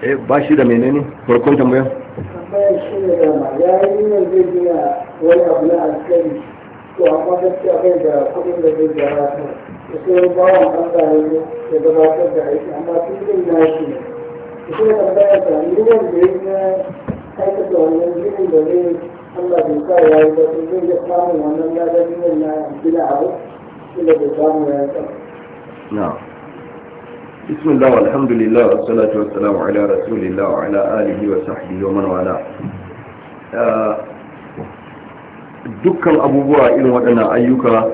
eh ba shi da menene farkon tambayar tambayar ya yi zai gina wani abu na da da zai sai an gabatar da aiki amma sun zai na shi ne da sai tambayar da yiwuwar da ya na wannan da zai ya yi sun zai samun wannan na da samu بسم الله والحمد لله والصلاة والسلام على رسول الله وعلى آله وصحبه ومن وعلى dukkan abubuwa irin waɗannan ayyuka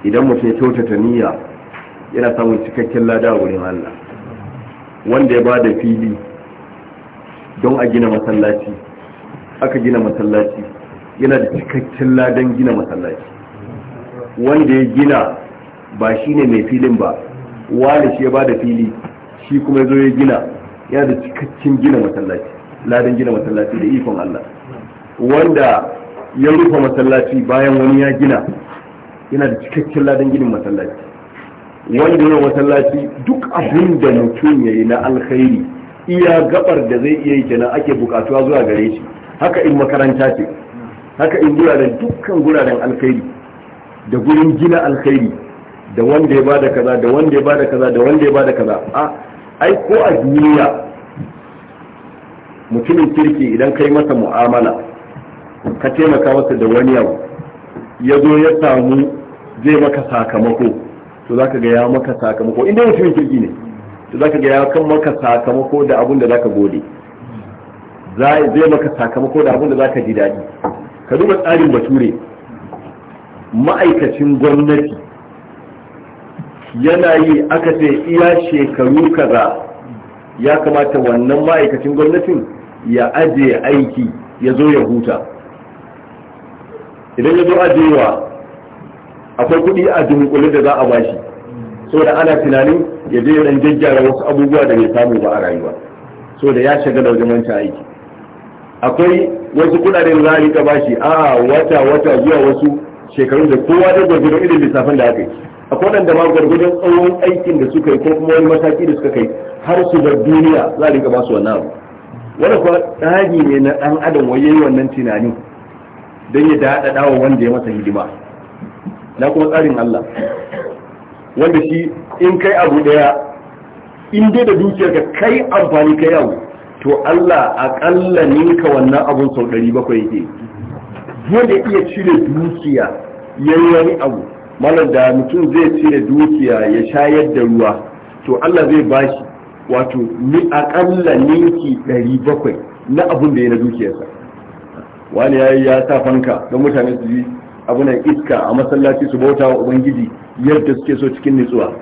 idan إذا ya kyautata niyya yana samun cikakken الله wurin Allah wanda ya ba da fili don a gina masallaci aka gina masallaci yana da cikakken ladan gina masallaci wanda ya gina ba shine mai filin ba wani shi ya bada fili shi kuma zo ya gina yana da cikakken gina masallaci ladan gina masallaci da ikon Allah wanda ya rufe masallaci bayan wani ya gina yana da cikakken ladan ginin masallaci wanda ya masallaci duk abin da mutum ya yi na alkhairi iya gabar da zai iya yi kenan ake bukatuwa zuwa gare shi haka in makaranta ce haka in guraren dukkan guraren alkhairi da gurin gina alkhairi da wanda ya bada kaza da wanda ya bada kaza da wanda ya bada kaza a ai ko a duniya mutumin kirki idan kai masa mu'amala ka taimaka masa da wani abu ya zo ya samu zai maka sakamako to za ga ya maka sakamako inda mutumin kirki ne to za ga ya kan maka sakamako da abun da za ka gode zai maka sakamako da abun da za ka ji daɗi ka duba tsarin bature ma'aikacin gwamnati yana yi aka ce iya shekaru kaza ya kamata wannan ma'aikacin gwamnatin ya aje aiki ya zo ya huta idan ya zo ajewa akwai kuɗi a dunkule da za a bashi saboda ana tunanin ya je dan jajjara wasu abubuwa da bai samu ba a rayuwa saboda ya shiga da wajen wancan aiki akwai wasu kudaden za a rika bashi a wata wata zuwa wasu shekaru da kowa da don irin lissafin da aka yi akwai waɗanda ma gwargwadon tsawon aikin da suka yi ko kuma wani mataki da suka kai har su bar duniya za a riga ba su wannan abu wannan kuma tsari ne na ɗan adam wai yayi wannan tunani don ya daɗaɗa wa wanda ya masa hidima na kuma tsarin Allah wanda shi in kai abu ɗaya in dai da ka kai amfani ka yau to Allah aƙalla ninka wannan abun sau ɗari bakwai yake wanda iya cire dukiya yayi wani abu malar da mutum zai cire dukiya ya shayar da ruwa to Allah zai bashi wato ni akalla ninki 700 na abin da ya na dukiyarsa wani ya ya sa fanka don mutane su ji abunan iska a masallaci su bauta wa ubangiji yadda suke so cikin nutsuwa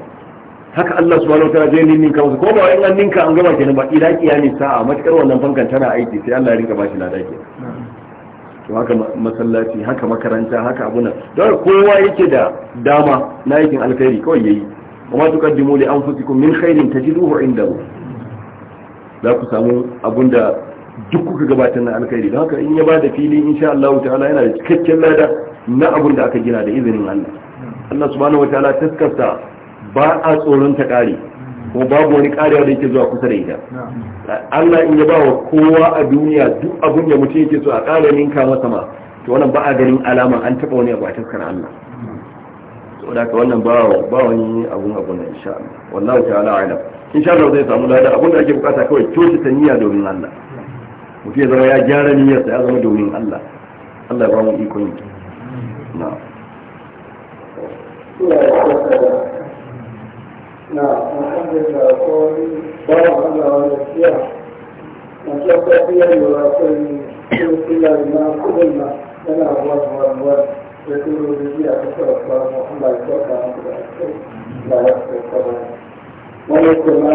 haka Allah subhanahu wataala zai ninka wasu ko ba wai an ninka an gama kenan ba ila kiyami sa'a matakar wannan fankan tana aiki sai Allah ya rinka bashi ladaki to haka masallaci haka makaranta haka abuna don kowa yake da dama na yakin alkhairi kawai yayi amma tuqaddimu li anfusikum min khairin tajiduhu indahu za ku samu da duk kuka gabatar na alkhairi don haka in ya bada fili insha Allah ta'ala yana da cikakken lada na abun da aka gina da izinin Allah Allah subhanahu wataala taskarta ba a tsoron ta kare kuma babu wani kariya da yake zuwa kusa da ita Allah in ya ba wa kowa a duniya duk abun da mutum yake so a ƙara ninka masa ma to wannan ba a ganin alama an taba wani abu a taskar Allah da ka wannan ba ba wani abun abu nan insha Allah wallahi ta'ala alam insha Allah zai samu ladan abun da ake bukata kawai kyoci ta niyya domin Allah mutum ya zama ya gyara niyyarsa ya zama domin Allah Allah ya ba mu ikon na'am na musamman da kawai bawa Allah da siya na kyakwa fiye da wasan kila na kudin na yana wani da turo da siya ta sarrafa Allah ya kyauta muku da ake ya kyauta ba wani kuma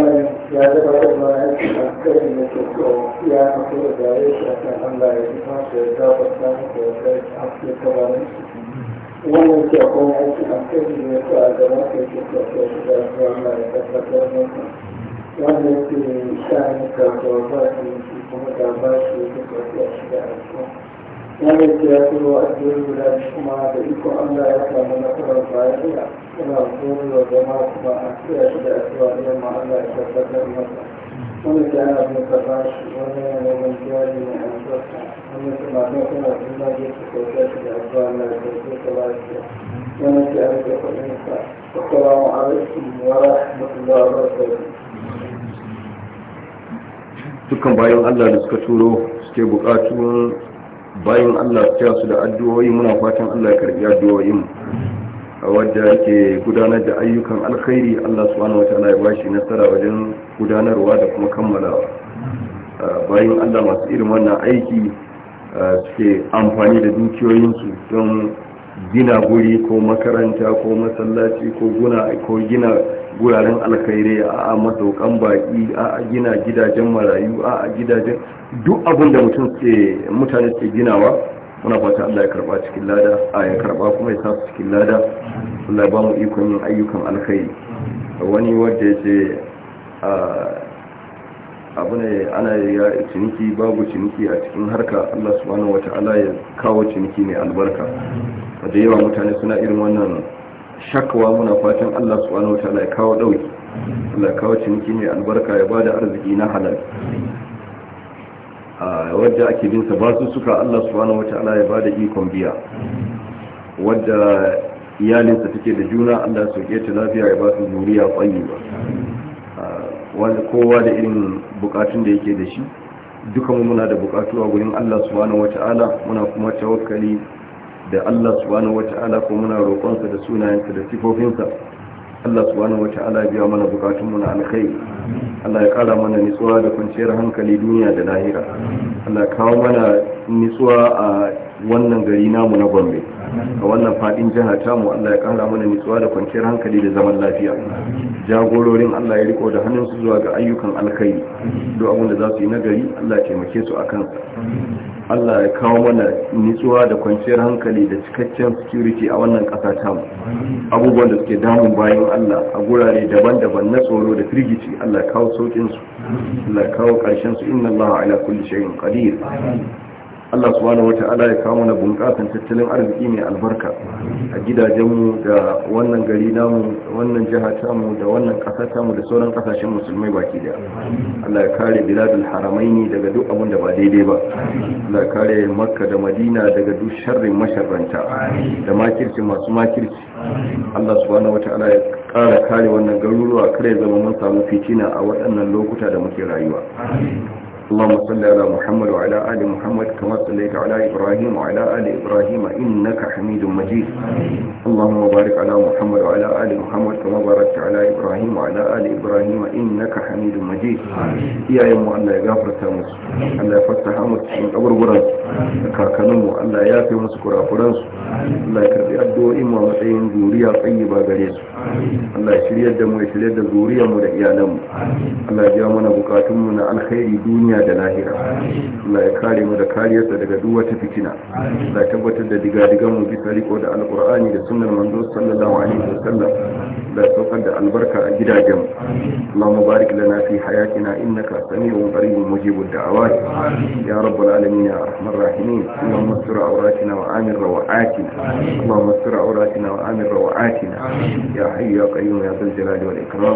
ya zaba da ma ya ce a kai ne ke kawo ya mutu da ya shi a kan Allah ya ji ma shi ya ta muku da ya ake kawo wannan ke akwai aiki a kan ne ko a gaba ke ke kwace shi da ruwan da ta tabbatar wanda wannan ke sha'ani kasuwa ba shi shi kuma da ba shi ke kwace shi da aiki wannan ke ya turo a cikin guda kuma da iko Allah ya samu nasarar bayan da yana turo zama kuma a kira shi da asuwa da yamma Allah ya tabbatar masa wannan ke ana bin ka ba shi wannan yanayin jari mai albarka السلام عليكم ورحمة الله وبركاته dukkan bayan Allah da suka turo suke bukatun bayan Allah ta su da addu'o'i muna fatan Allah ya karbi addu'o'in a wadda ke gudanar da ayyukan alkhairi Allah wata wataala ya bashi nasara wajen gudanarwa da kuma kammalawa bayan Allah masu irin wannan aiki suke amfani da dukiyoyinsu don gina guri ko makaranta ko masallaci ko guna ko gina guraren alkhairi a masaukan baki a gina gidajen marayu a gidajen duk abin da mutum ke mutane suke ginawa muna fata Allah ya karba cikin lada a ya karba kuma ya sa cikin lada Allah ya ba mu ikon yin ayyukan alkhairi wani wanda yake ce abu ne ana ya ciniki babu ciniki a cikin harka Allah subhanahu wata'ala ya kawo ciniki mai albarka da yawa mutane suna irin wannan shakwa muna fatan Allah subhanahu wata'ala ya kawo dauki Allah kawo ciniki mai albarka ya bada arziki na halal a wadda ake bin sa basu suka Allah subhanahu wata'ala ya bada ikon biya wadda iyalinsa take da juna Allah ya sauke ta lafiya ya ba su zuriya tsayi ba wanda kowa da irin bukatun da yake da shi duka mu muna da bukatu a gurin Allah subhanahu wata'ala muna kuma tawakkali da Allah subhanahu wata'ala ko muna roƙonsa da sunayensa da sifofinsa Allah subhanahu wata'ala biya mana bukatun mu na alkhairi Allah ya kara mana nitsuwa da kwanciyar hankali duniya da lahira Allah ya kawo mana nitsuwa a wannan gari namu na Gombe a wannan fadin jihar tamu Allah ya kara mana nutsuwa da kwanciyar hankali da zaman lafiya jagororin Allah ya riko da hannunsu zuwa ga ayyukan alkhairi duk abin da za su yi nagari Allah ya taimake su akan Allah ya kawo mana nitsuwa da kwanciyar hankali da cikakken security a wannan kasa tamu abubuwan da suke damun bayan Allah a gurare daban-daban na tsoro da firgici Allah ya kawo saukin su Allah ya kawo ƙarshen su inna Allah ala kulli shay'in qadir Allah subhanahu wata'ala ya kawo mana bunƙasan tattalin arziki mai albarka a gidajenmu da wannan gari namu wannan jiha tamu da wannan ƙasa tamu da sauran ƙasashen musulmai baki daya Allah ya kare biladul haramaini daga duk abin da ba daidai ba Allah ya kare makka da madina daga duk sharrin masharranta da makirci masu makirci Allah subhanahu wata'ala ya kara kare wannan garuruwa kare zama mun samu fitina a waɗannan lokuta da muke rayuwa اللهم صل على محمد وعلى آل محمد كما صليت على إبراهيم وعلى آل إبراهيم إنك حميد مجيد اللهم بارك على محمد وعلى آل محمد كما باركت على إبراهيم وعلى آل إبراهيم إنك حميد مجيد يا يوم الله يغفر تامس الله يفتح أمس من قبر برنس كاكنمو الله يافي مسكرا فرنس الله يكربي أدو إما مطعين ذوريا طيبة غريس الله يشري الدم ويشري الدم ذوريا مرئيا نم الله يجامنا بكاتمنا عن خير دنيا da lahira Allah ya kare mu da kariyarsa daga duk wata fitina Allah ya tabbatar da digadigan mu bisa riko da alqur'ani da sunnar manzo sallallahu alaihi wasallam da saukar da albarka a gidajen mu Allahumma barik lana fi hayatina innaka samiu qaribun mujibud da'awat ya rabbal alamin ya arhamar rahimin Allahumma استر عوراتنا وآمن روعاتنا اللهم استر عوراتنا وآمن روعاتنا يا ya يا ya يا jalali الجلال ikram.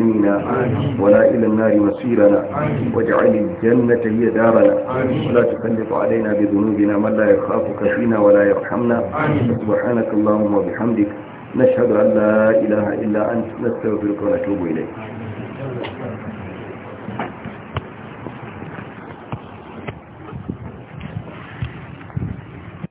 مهلينا ولا إلى النار مصيرنا واجعل الجنة هي دارنا ولا تسلط علينا بذنوبنا من لا يخافك فينا ولا يرحمنا سبحانك اللهم وبحمدك نشهد أن لا إله إلا أنت نستغفرك ونتوب إليك